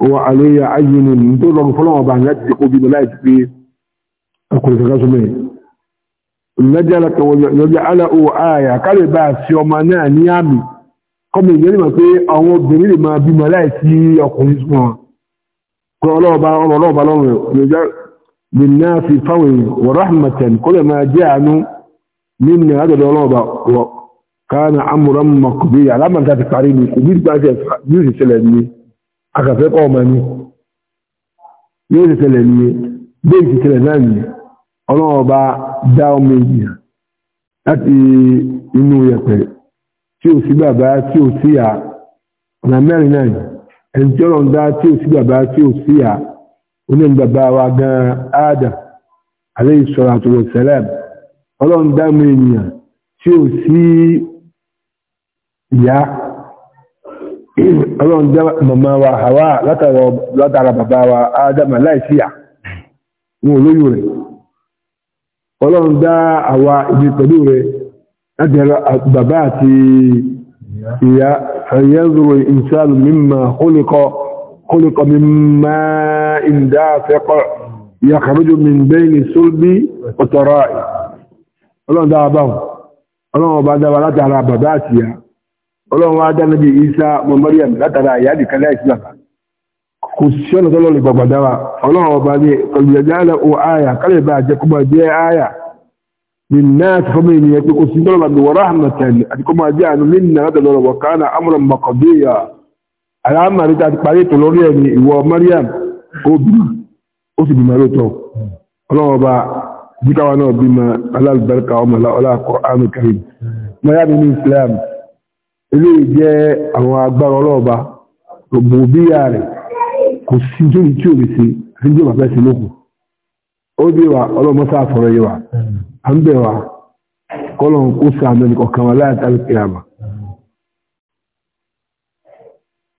وعلي عين دول فلان وبعد نجد يقول بي ملائك ya أقول لك غزمين نجلك ونجعله آية قال باس يومنا نيامي kọ́mọ ìyẹn ní ma pé àwọn obìnrin lè máa bímọ láìsí ọkùnrin súnmọ́ pé ọlọ́ọ̀bá ọlọ́ọ̀bá lọ́rùn ìròjá lè náà fi fáwọn èèyàn wọ̀ rahmatan kó lè máa jẹ́ àánú nínú àjọ̀dọ̀ ọlọ́ọ̀bá ala ni àkàfẹ́ kọ́ ọmọ ni yóò ti tẹ̀lẹ̀ ní bí ti tẹ̀lẹ̀ náà ní ọlọ́run ọba dá ọmọ ènìyàn láti inú yẹ̀pẹ̀ tí ò sí bàbá tí ò sí yà ọ̀nà mẹ́rin náà ní ẹni tí ọlọ́run dá tí ò sí bàbá tí ò sí yà oní bàbá wa gan Adam alayhi salatu wa salam ọlọ́run dá ọmọ ènìyàn tí ò sí ìyá ọlọ́run jẹ́ màmá wa Hawa látara bàbá wa Ádámà láìsíyà wọn olóyò rẹ̀ ọlọ́run dá àwa ibi pẹ̀lú rẹ̀ láti bàbá àti ìyá ẹ̀yẹ́zùrò ìṣàlù mímọ̀ kólíkọ mímọ̀ ìdá afẹ́kọ̀ yàkàrójú mìíràn sólbí ọ̀tọ̀rọ̀ ọlọ́run dá wa báwọn ọlọ́run ọba dá wa látara bàbá àti ìyá ọlọ́run wá dánàbí isa mọ̀mọ́ríyàn látara àyájì kalẹ́ ìsìnàfà kò sí ọ̀nà tó lọ́lẹ̀ gbàgbàdáwà ọlọ́run ọba ní ọlùyàjáàlá o àyà kalẹ̀ bá jẹ́ kó máa jẹ́ àyà ní náà ti fọ́mọ̀ ènìyàn pé kò sí dọ́lọ́lá bí wọ́rọ̀ àmọ̀tẹ̀lẹ̀ àti kó máa jẹ́ àánú ní nà látà lọ́rọ̀ wọ̀kánà amúrọ̀ mọ̀kọ̀déyà alámàrí ta ti parí ètò lórí ẹni ìwọ mọ́yá mi ní Islam ilé ije àwọn agbára ọlọ́ọ̀ba gbogbo bíyà a kò sí jóni tí si lè ṣe àti jọba fẹ́ sí lókun ó dé wa ọlọ́mọ sáà yìí wa à ń bẹ̀ wa kọ́lọ̀ kó sàmì ọ̀kan wa láti alìkìyàmà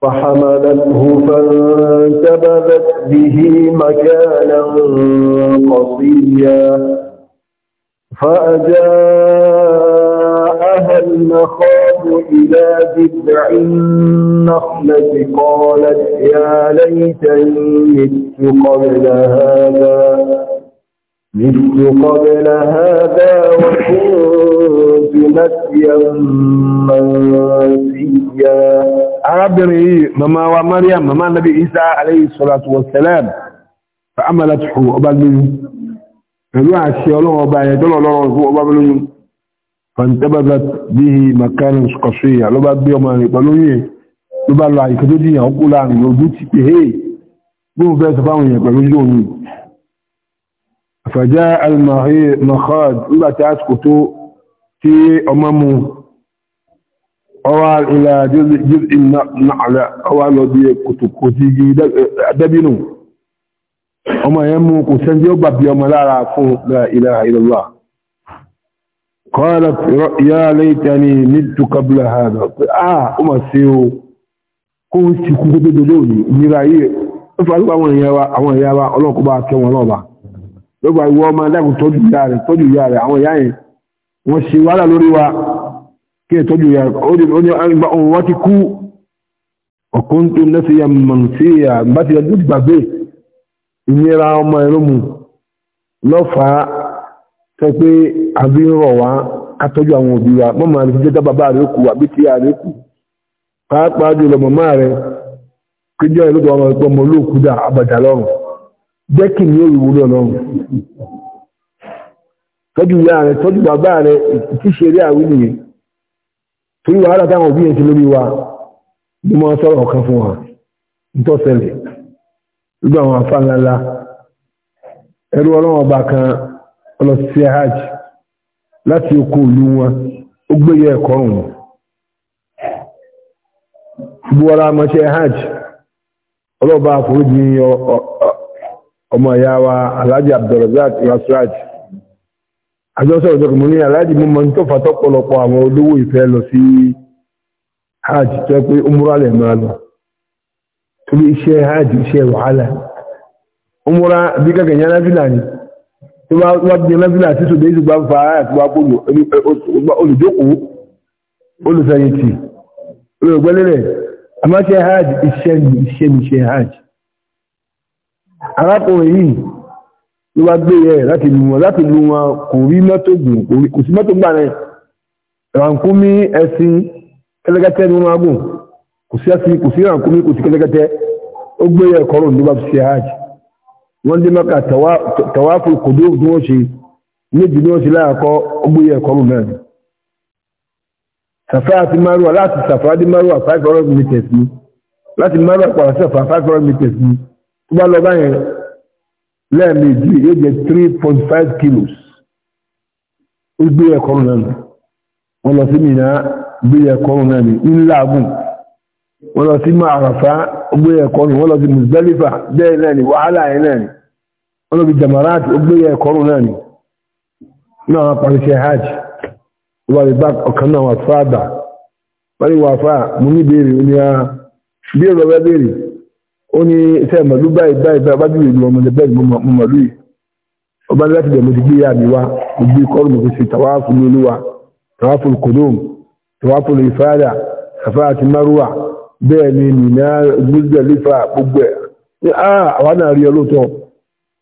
فحملته فانتبذت به مكانا قصيا هل نخاف إلى جذع النخلة قالت يا ليتني مت قبل هذا مت قبل هذا وكنت نسيا منسيا عبري مما ومريم مما النبي إيسى عليه الصلاة والسلام فأملته أبا المنزل فلوعة الشيء الله أبا يدل فانتبذت به مكانا قصيا لو بعد بيوم ان يقولوا ló bá lọ àyíkà tó díyàn kú láàrin ojú ti pé hey bí mo bẹ́ẹ̀ sọ fáwọn èèyàn pẹ̀lú yóò ní àfàjá al-mahad nígbà tí àsìkò tó tí ọmọ mu ọwá ilẹ̀ jírín náà ọwá lọ bí kòtòkò ti yí dẹ́bínú ọmọ yẹn mú kò sẹ́ńdí ó gbàbí ọmọ lára fún ilẹ̀ ìlọ́lá قالت يا ليتني مت قبل هذا اه ما سيو kó ti kú gbogbo dodo yìí nira yìí ó fà lópa àwọn ìyá wa àwọn ìyá wa ọlọ́kọ̀ bá kẹ́ wọn lọ́ba lọ́gbà ìwọ ọmọ adágún tọ́jú ìyá rẹ̀ tọ́jú ìyá rẹ̀ àwọn ìyá yẹn wọ́n ṣe wàhálà lórí wa kí ẹ tọ́jú ìyá rẹ̀ ó ní àgbà òun wọ́n ti kú ọ̀kọ́ tó ń lẹ́sẹ̀ ya mọ̀ sí ìyá bá ti gbàgbé sọ pé àbí ń rọ̀ wá kátọ́jú àwọn òbí wa mọ́mọ́ rẹ̀ jẹ́ bàbá rẹ̀ kù àbí tí rẹ̀ kù pàápàá jùlọ mọ̀mọ́ rẹ̀ kíjọ́ ìlú tó wọn pọ̀ mọ́ àbàdà lọ́rùn jẹ́ kí ni ó wúlò lọ́rùn tọ́jú ìyá rẹ̀ tọ́jú bàbá rẹ̀ ṣe rí torí wàhálà táwọn òbí yẹn ti lórí wa ni mo sọ̀rọ̀ fún ọlọ́sí hajj láti oko ìlú wọn ó gbéyẹ ẹ̀kọ́ ọ̀hún buwara amọ́ṣẹ́ hajj ọlọ́ba àforíjì ọmọ ìyá wa alhaji abdulrazak rasraj àjọsọ ìjọkùnmù ní alhaji mú mọ́ tó fàtọ́ àwọn olówó ìfẹ́ lọ sí hajj tó pé ó múra lẹ̀ máa lọ torí iṣẹ́ hajj iṣẹ́ wàhálà ó múra bí ni tí wọ́n ti lọ́sílà sí ṣùgbọ́n ìṣùgbà ń fa àti wá kó olùjókòó olùfẹ̀yìntì olùgbẹ́lẹ́lẹ̀ àmáṣẹ́ hajj iṣẹ́ ni iṣẹ́ ni iṣẹ́ hajj arákùnrin yìí ló wá gbé yẹ láti lu wọn láti lu wọn kò rí mọ́tò gùn kò sí mọ́tò gbà rẹ̀ rànkúmí ẹṣin kẹ́lẹ́kẹ́tẹ́ ni wọ́n máa gùn kò sí ẹṣin kò sí rànkúmí kò sí kẹ́lẹ́kẹ́tẹ́ ó gbé yẹ ún ló bá wọ́n dé mọ́kà tàwáfù kòdó bí wọ́n ṣe méjì ní wọ́n ṣe láàkọ́ ọgbóyè ẹ̀kọ́ mọ̀ mẹ́rin sàfá àti márùwà láti sàfá dé márùwà five hundred meters ni láti márùwà pàrọ̀ sàfá five hundred meters ni tó bá lọ báyẹn lẹ́ẹ̀mejì yóò jẹ́ three point five kilos ó gbé ẹ̀kọ́ mọ̀ mẹ́rin wọ́n lọ sí mìíràn gbé ẹ̀kọ́ mọ̀ mẹ́rin ńlá àgùn wọ́n lọ sí mọ́ àràfá gbé ẹ̀kọ́ wọ́n lọ sí Muzdalifa bẹ́ẹ̀ náà ni wàhálà yẹn náà ni wọ́n lóbi jamarat ó gbé yẹ ẹ̀kọ́rùn náà ni náà wọ́n parí ṣe hajj wọ́n lè bá ọ̀kan náà wà fáàdà wọ́n lè wà fáà mú ní béèrè ó ní a ah, bí èrò ọ̀rẹ́ béèrè ó ní iṣẹ́ ìmọ̀lú báyìí báyìí báyìí bá dúró ìlú ọmọdé bẹ́ẹ̀ mo mọ̀lú yìí ọba ní láti dẹ̀mọ́ ti gbé yá mi wá mo gbé kọ́rù mo tàwáfù ní olúwa tàwáfù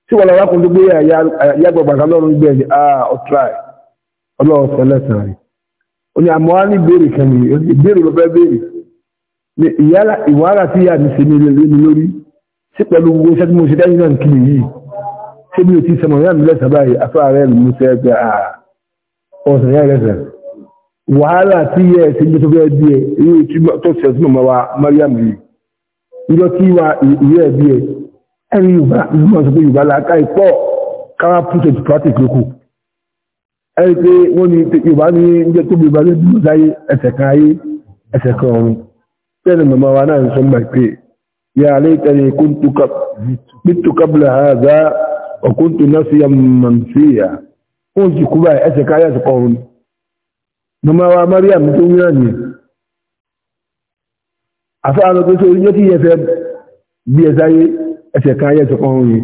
tí wọ́n lọ́wọ́ kò tó gbé àyàgbọ̀gbà lọ́rùn gbé ẹ̀jẹ̀ ah ọ̀tra ẹ̀ ọlọ́run sẹlẹ̀sàn rẹ̀ ó ní àmọ́ ní béèrè kan ní béèrè ló fẹ́ béèrè ní ìwárà tí yà ní sinmi lórí lórí sí pẹ̀lú gbogbo iṣẹ́ tí mo ṣe dájú náà kiri ah ọ̀sán yà lẹ́sàn wàhálà tí yẹ ẹ̀ sí mi tó fẹ́ bí ẹ èyí tó ṣẹ̀ wa Mariam ẹ̀rí yorùbá ìgbìmọ̀ sọ pé yorùbá làákà ìpọ̀ káwá put it practice lóko ẹ̀rí pé wọ́n ní yorùbá ní jẹ́ tó bí yorùbá lè dúró sáyé ẹsẹ̀ kan ayé ẹsẹ̀ kan ọ̀run bẹ́ẹ̀ ni màmá wa náà ń sọ mọ́ pé yà á lè tẹ̀lé kuntu qabla hadha wa kuntu nasiyan mansiya wọ́n ti kú báyìí ẹsẹ̀ kan ayé ẹsẹ̀ kan ọ̀run màmá wa Mariam tó ń yàn ní àfẹ́ àwọn ọ̀gbẹ́sẹ̀ orí yóò ti yẹ fẹ́ bí ẹ sáyé ẹsẹ̀ kan ayé ẹsẹ̀ kan rìn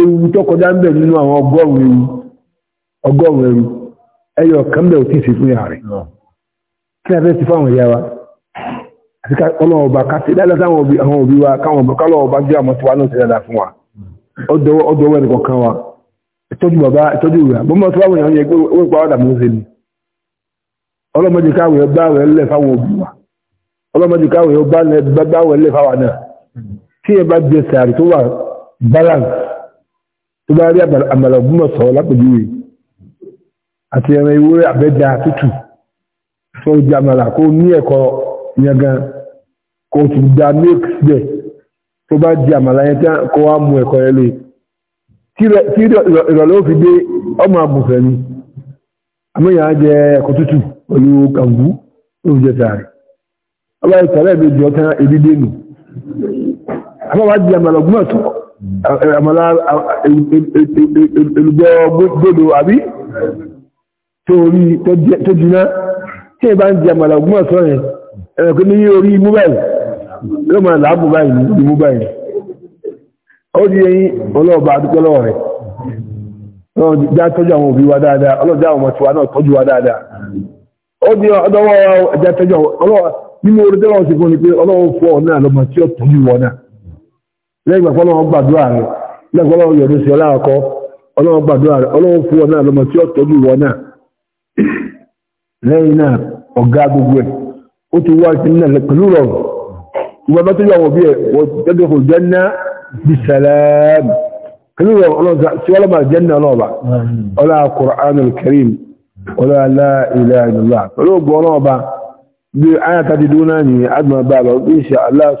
ewu tó kọjá ń bẹ̀ nínú àwọn ọgọ́rùn ewu ọgọ́rùn ewu ẹyọ kan bẹ̀ ò tí ì sí fún yàrá rẹ̀ kí ni a fẹ́ ti fún àwọn ìyá wa àti ọlọ́run ọba ká sí dáadáa sáwọn àwọn òbí wa káwọn ọba kálọ̀ ọba jẹ́ àmọ́ tiwa náà ti dáadáa fún wa ọdọọwọ́ ẹnì kọ̀ọ̀kan wa ìtọ́jú bàbá ìtọ́jú ìwà bó mọ̀ síwáwọ̀ èèyàn yẹ owó ìpàwọ́ dàmú ṣe ni ọlọ́mọdé káwọ̀ ẹ bá wẹ̀ lẹ̀ fáwọn òbí wa ọlọ́mọdé káwọ̀ ẹ bá wẹ̀ lẹ̀ fáwọn náà tí ẹ bá jẹ sàárì tó wà balance tó bá rí àmàlà ògbúmọ̀ sọ̀rọ̀ lápèjúwe àti ẹran ewúrẹ́ àbẹ́dà tútù tó jẹ àmàlà kó ní ẹ̀kọ́ yẹn gan kó o ti da milk síbẹ̀ tó bá jẹ àmàlà yẹn tán kó wá mu ẹ̀kọ́ yẹn lè tí ìrọ̀lẹ́ ó fi dé ọmọ àgùnfẹ́ ni àmọ́yàn á jẹ ẹ̀kọ́ tútù pẹ̀lú kàngú tó jẹ sàárì ọba ìtàlẹ́ mi jọ tán ebi dénú àbáwá di àmàlà ògùnmọ̀ tó àmàlà èlùbọ́ ní orí mobile ó di ẹyin ọlọ́ọ̀bà àdúgbò rẹ̀ já tọ́jú àwọn òbí wa dáadáa ọlọ́dá àwọn ọmọ náà tọ́jú wa dáadáa ó ní ọdọ́wọ́ ẹja tọ́jú àwọn lẹ́yìn ìgbàpọ̀ ọlọ́run gbàdúrà rẹ̀ lẹ́gbọ́n ọlọ́run yọ̀dún sí ọlá ọkọ ọlọ́run gbàdúrà rẹ̀ ọlọ́run fún ọ náà lọ́mọ tí ó lẹ́yìn náà ọ̀gá gbogbo ẹ̀ ó ti wá sí náà pẹ̀lú tó yọ àwọn òbí ẹ̀ wọ́n bí pẹ̀lú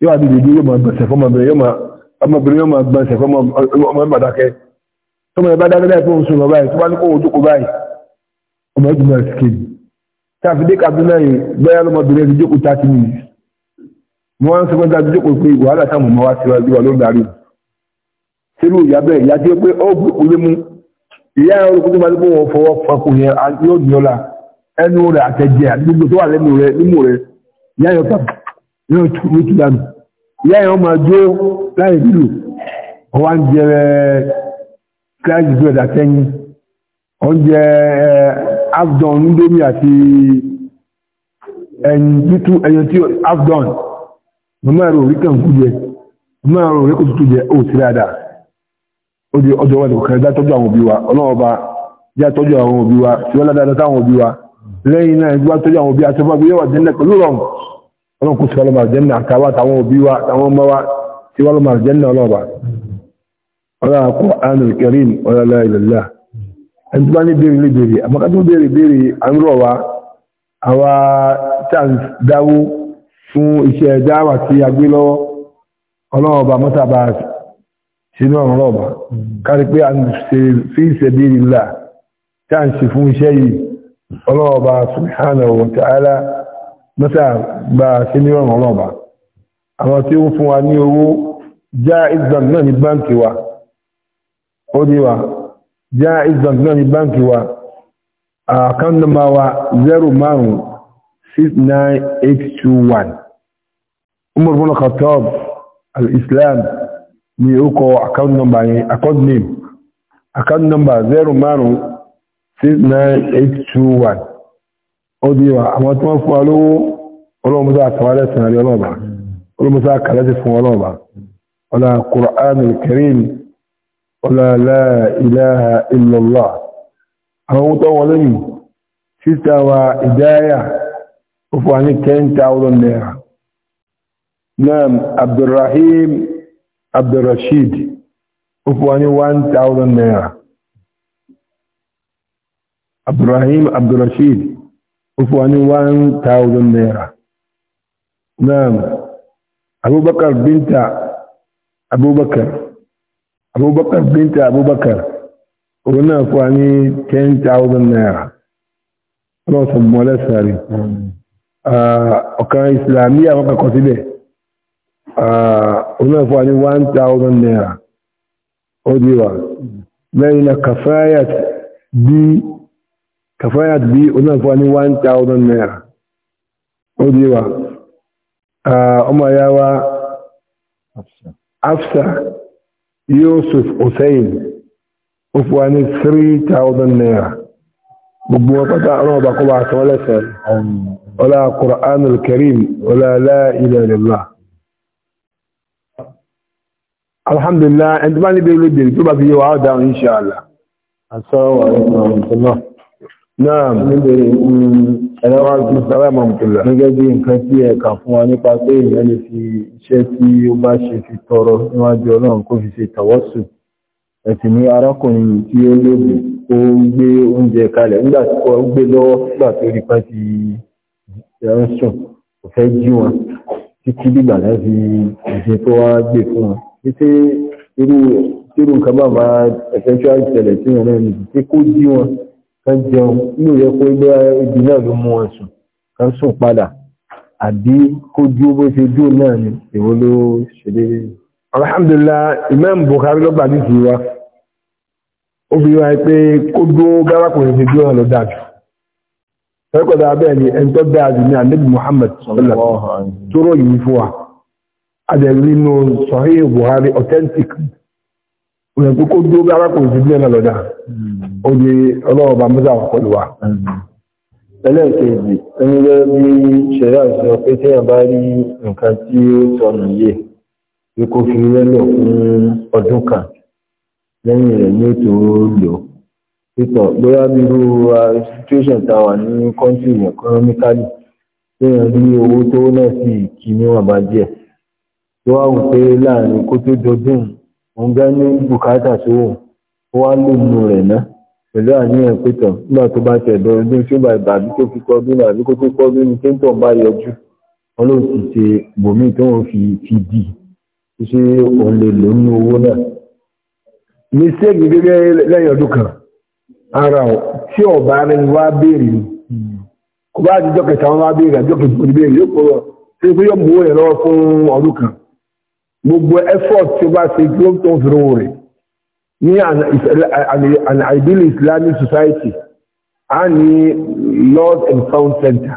yóò àdìdì bí yóò máa gbẹ̀sẹ̀ fọ́mọbìnrin yóò máa ọmọbìnrin yóò máa gbẹ̀sẹ̀ fọ́mọ ìbàdákẹ́ tọ́mọ ìbàdákẹ́ láì fún oṣù lọ báyìí tó bá ní kó ojú kó ọmọ ìgbìmọ̀ skin káfíndé kaduna yìí bẹ́ẹ̀ lọ́mọbìnrin ti jókòó thirty minutes mo wá ń sọ pé dájú jókòó pé wàhálà táwọn ọmọ wa síwájú wa ló ń darí sínú ìyá bẹ́ẹ̀ ìyá tí ó pé ó bù kú lé mú máa ní kó fọwọ́ fakùn yẹn yóò ní ọ̀la ẹnu rẹ̀ àtẹ̀jẹ̀ àti gbogbo tó wà lẹ́nu rẹ̀ nímú rẹ̀ ìyá yẹn yóò tú ní kí lánà ìyá yẹn wọ́n máa jó láì bílò ọwá ń jẹ kíláàsì bí ọ̀dà tẹ́yìn oúnjẹ afdon nídómi àti ẹ̀yìn títú ẹ̀yìn tí afdon mọ́mọ́ ẹ̀rọ orí kan kú jẹ mọ́mọ́ ẹ̀rọ orí kò tútù jẹ ó sì ráadà ó di ọjọ́ wọn kò kẹrẹ dátọ́jú àwọn òbí wa ọlọ́wọ́ bá jẹ́ àtọ́jú àwọn òbí wa tí wọ́n ládàá táwọn òbí wa lẹ́yìn náà ẹgbẹ́ àtọ́jú àwọn òbí àtọ́jú àwọn òbí wa jẹ́ ọlọ́run kò sí wa lọ́mọ àjẹ́nà àtàwà àtàwọn òbí wa àtàwọn ọmọ wa sí wa lọ́mọ àjẹ́nà ọlọ́ọ̀bà ọlọ́run àkọ́ àánú kẹrin ọlọ́lá ìlọ́lá ẹni tó bá ní béèrè lè béèrè àmọ́ká tó béèrè béèrè àmúrọ̀ wa àwa chance dáwó fún iṣẹ́ dáwà tí a gbé lọ́wọ́ ọlọ́ọ̀bà mọ́tàbà sínú ọlọ́ọ̀bà kárí pé a fi ìṣẹ̀bí ìlà chance fún iṣẹ́ yìí ọlọ́ọ̀bà subhanahu wa ta'ala mọ́sá gba sí ní ọ̀rọ̀ ọlọ́ọ̀bá àwọn tí ó fún wa ní owó já isbank náà ní báǹkì wa ó ní wa já isbank náà ní báǹkì wa account number wa 0569821 umar bin khattab al-islam ni ó kọ account number yẹn account name account number 0569821 ó di wa àwọn tí wọ́n fún wa lówó olóòmùsá àkàwálẹ̀ sàn àrí ọlọ́ọ̀bà olóòmùsá àkàlẹ̀ ti fún ọlọ́ọ̀bà ọlá kùránì karim ọlá la ilaha illallah ten thousand naira naam abdulrahim abdulrasheed ó fún wa one thousand naira abdulrahim abdulrasheed وفواني وان تاوزن نيرا نعم أبو بكر بنت أبو بكر أبو بكر بنت أبو بكر هنا فواني 10000 نيرا رأس المولى ساري ọ̀kan ìsìlámí àwọn kankan síbẹ̀ onáfà ní 1000 naira ó díwà lẹ́yìn na kàfáyà bí kafayat bí onáfọ́ ní 1000 naira ó di wa ọmọ ya wa afsa yusuf hussein ó fún wa ní 3000 naira gbogbo wọn pátá ọ̀rọ̀ ọba kọba àtọwọ́ lẹ́sẹ̀ ọlá Qur'an al-Karim ọlá la ilaha alhamdulillah ẹni tó bá níbi ilé ìdèrè tó bá fi yẹ wàá dáhùn insha Allah. Assalamu alaikum warahmatullahi náà níbèrè ẹ̀lẹ́wà tí sálámà mùtùlá gẹ́gẹ́ bí nǹkan tí ẹ kà fún wa nípa pé èèyàn lè fi iṣẹ́ tí ó bá ṣe fi tọrọ níwájú ọlọ́run kó fi ṣe tàwọ́sù ẹ̀sì ní arákùnrin tí ó lóbi ó gbé oúnjẹ kalẹ̀ nígbà tí ó gbé lọ́wọ́ nígbà tó rí pa ti ẹ̀rọ sùn kò fẹ́ jí wọn títí dìgbà láti ìṣe tó wá gbé fún wọn títí irú nǹkan bàbá ẹ̀fẹ́ tí ó náà nìyí tí kó jí wọn kan jẹun yóò yẹ kó ilé ibi náà ló mú wọn sùn kan sùn padà àbí kó dúró bó ṣe dúró náà ni èwo ló ṣe déédéé. alhamdulillah imam Bukhari ló gbàdí sí wa ó fi wáyé pé kó dúró gárakùnrin ṣe dúró náà ló dájú fẹ́kọ̀dá abẹ́ ni ẹn tó dájú ní ànábì Muhammad sallallahu alaihi wasallam tó ròyìn fún wa adẹ̀rí nù Sahih authentic òyìn tó kó dúró bí arákùnrin ti bílẹ̀ náà lọ́dà hmm. ó di ọlọ́wọ́ bá mọ́sá pẹ̀lú wa. Hmm. ẹlẹ́ẹ̀kejì ẹni lọ bí ṣẹ̀dá sọ pé téèyàn bá rí nǹkan tí ó sọnù yìí pé kó fi rẹ́lọ̀ fún ọdún kan lẹ́yìn rẹ̀ ní ètò lò títọ̀ bóyá bí irú situation ta wà ní country economically téèyàn rí owó tó náà sì kí níwọ̀n bá díẹ̀ tó wá wù pé láàrin kó tó dọdún òun gá ní bùkátà sówò ó wá lóòmù rẹ̀ náà pẹ̀lú àníyàn pétọ̀ nígbà tó bá tẹ̀ bẹ̀rẹ̀ bí tí ó bá ìbàbí tó fi kọ́dún náà àbí kó tó kọ́dún ní téńtọ̀ bá yọjú ọlọ́run ti ṣe bòmí tó ń fi fi dì tó ṣe òun lè lò ní owó náà. mi ṣéèkì gẹ́gẹ́ lẹ́yìn ọdún kan ara ọ̀ tí ọ̀bá rẹ̀ wá béèrè ni kò bá àtijọ́ kẹta wọn wá béèrè àjọ kejì kò ní béèrè yóò pọ̀ sí gbogbo effort tí ó bá ṣe kí ó tó ń fìrò rẹ̀ ní an ideal Islamic society a ní Lord and Sound Center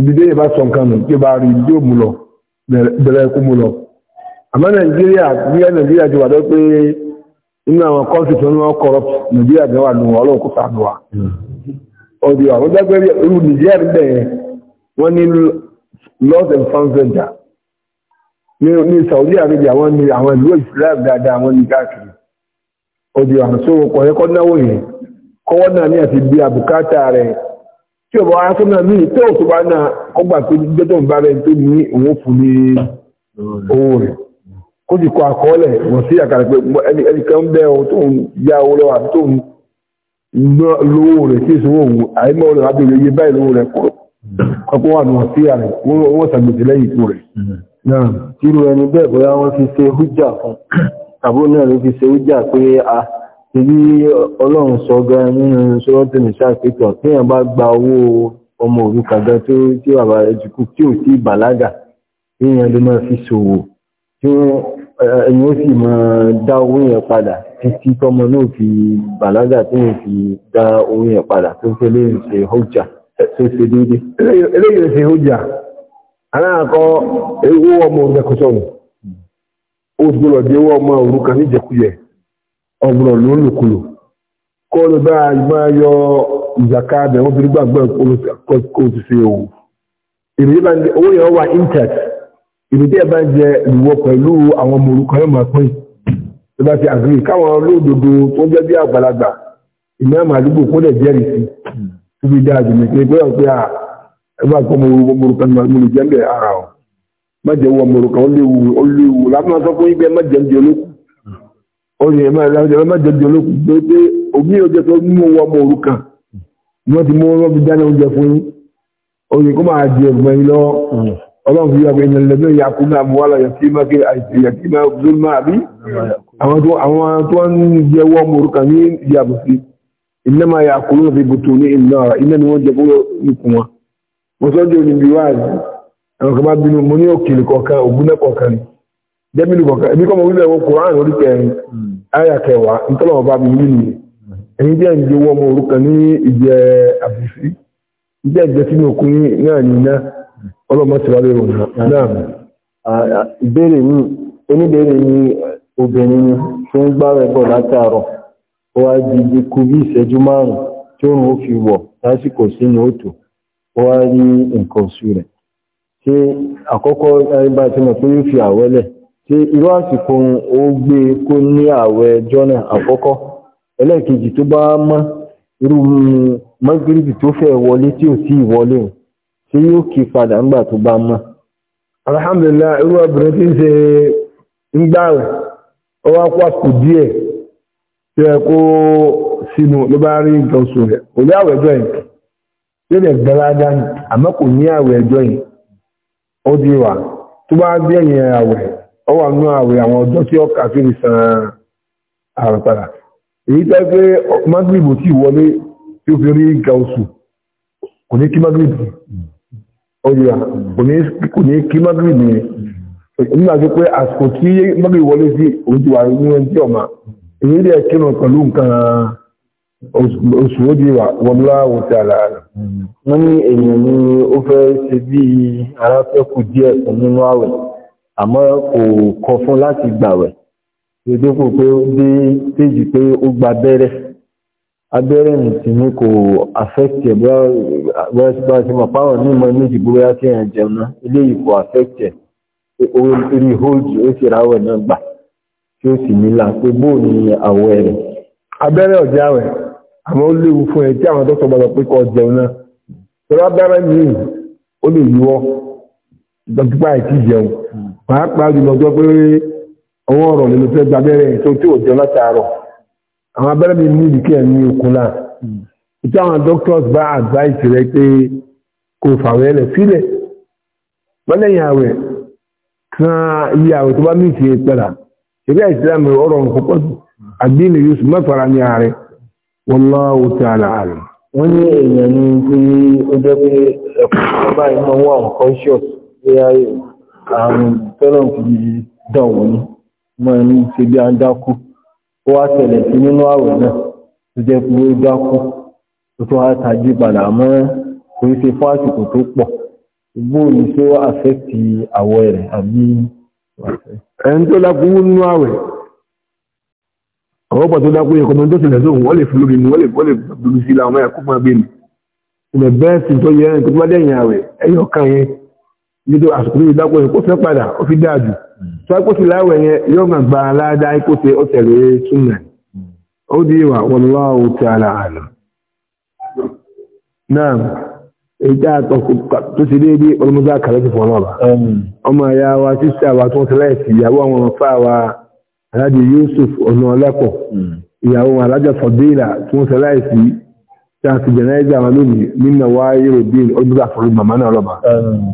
ìdílé ìbá sọ nǹkan nù tí ó bá rí ìdí òmù lọ bẹ̀rẹ̀ kú mu lọ àmọ́ Nàìjíríà bí i Nàìjíríà ti wà lọ pé inú àwọn kọ́ńtì tó ń wọ́n corrupt Nàìjíríà jẹ́ wà nù ọlọ́run kó sànù wa ọdí àwọn jẹ́ pé irú Nàìjíríà ń bẹ̀ wọ́n ní Lord and Sound Center ní Saudi Arabia àwọn ní àwọn ìlú Islam dáadáa àwọn ní káàkiri òdì àwọn tó kọ̀ ẹ́kọ́ náwó yìí kọ́wọ́ náà ní àti bí àbùkátà rẹ̀ tí ọ̀bọ̀ aṣọ náà ní tó tó bá náà ọgbà tó gbẹ́tọ̀ ń bá rẹ̀ tó ní òun fún ní owó rẹ̀ kó sì kọ àkọọ́lẹ̀ wọ̀n sí àkàrà pé ẹnìkan bẹ́ ọ tó ń ya owó lọ́wọ́ àti tó ń lówó rẹ̀ sí ìṣòwò wọ́n sàgbèsè lẹ́yìn ikú rẹ̀ náà irú ẹni bẹ́ẹ̀ bóyá wọ́n fi ṣe hújà fún tàbí náà ló fi ṣe hújà pé a ti rí ọlọ́run sọ gan nínú sọ́rọ́tì nìṣàpẹ̀tọ̀ téèyàn bá gba owó ọmọ òrukàn gan tó tí bàbá rẹ̀ ti kú tí ò tí bàlágà téèyàn ló máa fi ṣòwò tí ẹ̀yìn ó sì máa dá owó yẹn padà títí tọmọ náà fi bàlágà téèyàn fi dá owó yẹn padà tó fẹ́ lè ṣe hújà tó ṣe déédéé. eléyìí a na-akọ ìjẹkùsọ̀nù ó ti gbọ́dọ̀ di owó ọmọ òrukàn ní ìjẹkújẹ ọgbọ̀nà ló ń ló bá máa yọ ìzàká abẹ wọn fi gbàgbọ́ kó ti ṣe òwò bá ń jẹ owó yẹn wà intact bá ń jẹ ìwọ pẹ̀lú àwọn ọmọ yóò máa pín bá ti àgbè káwọn tó jẹ́ ibi ẹgbà kọ́ mo rú mo rú kan mo lè jẹ́ ń bẹ̀ ara o má jẹ́ wọ mo rú kan ó léwu ó léwu lápá sọ fún ibẹ̀ má jẹ́ ń di olókù ó ní ń di olókù pé pé òbí ọjọ́ tó mú wọ mo rú ni wọ́n ti mú wọn fi dáná oúnjẹ fún yín ó ní kó máa di ẹ̀gbọ́n yín lọ́wọ́ ọlọ́run fi yàgbẹ́ ìyẹn lẹ́nu ìyá kú náà mú wà láyà kí má kí àìsíyà kí má ló má bí àwọn tó ń jẹ́ wọ́n mo rú kan ní ìyàbùsí ìnáma yà kú ló fi bùtù ní ìnára iná ni wọ́n jẹ kúrò nìkún wọn. mo sọ́jọ́ ní bí wáàdì àwọn kan bá bínú mo ní òkèlè kọ̀ọ̀kan ògúnná kọ̀ọ̀kan jẹ́mìlì kọ̀ọ̀kan ẹbí kọ́ mo wílẹ̀ orí kẹrin àyà kẹwàá mi jẹ́ ìjẹ́ wọ́n mo orúkọ ní ìjẹ́ àbùsí ìjẹ́ ìjẹ́ sínú náà ní iná ọlọ́mọ ti wá lérò náà. ìbéèrè mi oníbèrè ni obìnrin tó ń ó wá di ikú bí fi lásìkò sínú òtò wọ́n rí nǹkan oṣù rẹ̀ ṣé àkọ́kọ́ eh, bá ti mọ̀ yóò fi àwẹ̀ lẹ̀ ṣé irú àsìkò ó gbé kó ní àwẹ̀ jọ́nà àkọ́kọ́ ẹlẹ́ẹ̀kejì tó bá mọ́ irú mọ́gírìbì mm, tó fẹ́ wọlé tí ò tí wọlé yóò kí padà ńgbà tó bá mọ́. irú tí ń ṣe ó wá kó àsìkò díẹ̀ kó sínú ló bá rí nǹkan lórí ẹ̀gbẹ́lájá ní àmọ́ kò ní àwẹ̀ ẹjọ́ yìí ó di wà tó bá ẹ̀yìn àwẹ̀ wà nú àwẹ̀ àwọn ọjọ́ tí ó kà sí ní san àrùpadà èyí tẹ́ pé tí wọlé tí ó fi rí ga oṣù kò ní kí magrebo ó di wà kò ní kí magrebo yẹn nígbà tó pé àsìkò tí wọlé sí òun ti wà nínú ẹni tí ọ̀ma èyí kírun oṣù ó díwà wọn láwọ tí a láàrẹ̀. wọ́n ní èèyàn ni ó fẹ́ ṣe bí aráfẹ́kù díẹ̀ fún nínú àwẹ̀ àmọ́ kò kọ fún láti gbàwẹ̀ ìdókò pé ó dé stéjì pé ó gba abẹ́rẹ́ abẹ́rẹ́ nìtì ní kò affect ẹ̀ bóyá sí bá ṣe mọ̀ páwọn onímọ̀ méjì bóyá sí ẹ̀yàn jẹun náà àmọ́ ó léwu fún ẹ tí àwọn dókítà bá lọ pé kọ́ jẹun náà tọ́lá dára míì ó lè yíwọ́ dókítà àìsí jẹun pàápàá jùlọ jọ pé ọwọ́ ọ̀rọ̀ lè lọ fẹ́ gba abẹ́rẹ́ tó tí ò jẹun látàárọ̀ àwọn abẹ́rẹ́ mi ní ìdíkẹ́ ẹ̀ ní okun náà ìtí àwọn doctors bá advice rẹ pé kò fàwẹ́ ẹlẹ̀ sílẹ̀ lọ́lẹ́yìn àwẹ̀ kan iye àwẹ̀ tó bá mí ìṣe pẹ̀lá ìgbà ìsìlámù ọ̀rọ̀ nǹkan pọ̀ sí àgbínú yusuf mẹ́fàrà ní ààrẹ wallahu ta'ala alam wọ́n ní èèyàn ní pé ó jẹ́ pé ẹ̀kùn bá iná wà conscious pé àrùn tọ́lọ̀ fi dánwò ní mọ́ ní ṣe bí a ń dákú ó wá tẹ̀lẹ̀ sí nínú àwẹ̀ náà tó jẹ́ pé ó dákú tó tó wá tají padà mọ́ kò ń ṣe fún àsìkò tó pọ̀ gbóòlù tó affect àwọ̀ rẹ̀ àbí ẹni tó lágbówó nínú àwẹ̀ ọwọ́ pàtó dákú yẹ kọmọ tó ṣẹlẹ̀ sóhun wọ́n lè fún lómi wọ́n lè wọ́n lè domi sí la àwọn ẹ̀kọ́ máa gbé mi ìbẹ̀ bẹ́ẹ̀ sì tó yẹ ẹni tó bá dẹ̀yìn àwẹ̀ ẹ̀yọ̀ kan yẹn nítorí àsìkò tó yẹ dákú yẹ kó fẹ́ padà ó fi dáa jù tó ẹ̀kọ́ sí láwẹ̀ yẹn yóò máa gba aláàdá ẹ̀kọ́ tẹ ó tẹ̀lé túnmẹ̀ ó di ìwà wallahu ta'ala alam náà èyí tá a tó ti déédé ọlọ́mọdé àkàlẹ́ ti fọ́ ọlọ́ọ̀bà alájẹ Yusuf ọ̀nà ọlẹ́pọ̀ hmm. ìyàwó alájẹ fọdíìlà tí wọ́n sẹ́láìsì tí a ti jẹ̀nẹ́jà wọn lónìí nínú wáyé rògbìn ọdúnlá fọlú màmá náà lọ́ba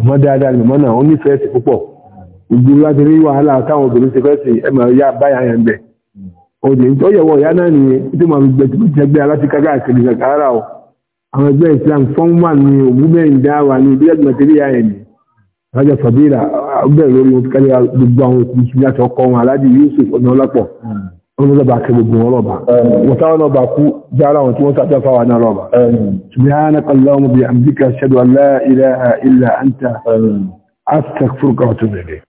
mọ́ hmm. dáadáa ni màmá náà ó nífẹ̀ẹ́ sí púpọ̀ ìgbì láti rí wàhálà táwọn obìnrin ti fẹ́ sí ẹmọ ya báyà yẹn bẹ̀ òdì hmm. tó yẹ̀wọ̀ ìyá náà nìyẹn tí màá gbẹ tí ó jẹgbẹ́ aláti kága àkìlì kàkàrà o àwọn ẹgbẹ́ Islam fọ́nmà ni òwúmẹ́ ìdáwà ni ìbílẹ̀ bẹ́ẹ̀ lórí wọn kẹ́lẹ́ gbogbo àwọn òkú sí láti ọkọ wọn aládì Yusuf ọ̀nà hmm. ọlọ́pọ̀ wọn lọ́ba kẹ gbogbo wọn lọ́ba hmm. wọn táwọn lọ́ba kú jára wọn tí wọ́n sáfẹ́ fáwọn náà lọ́ba hmm. subhanaka Allahumma bihamdika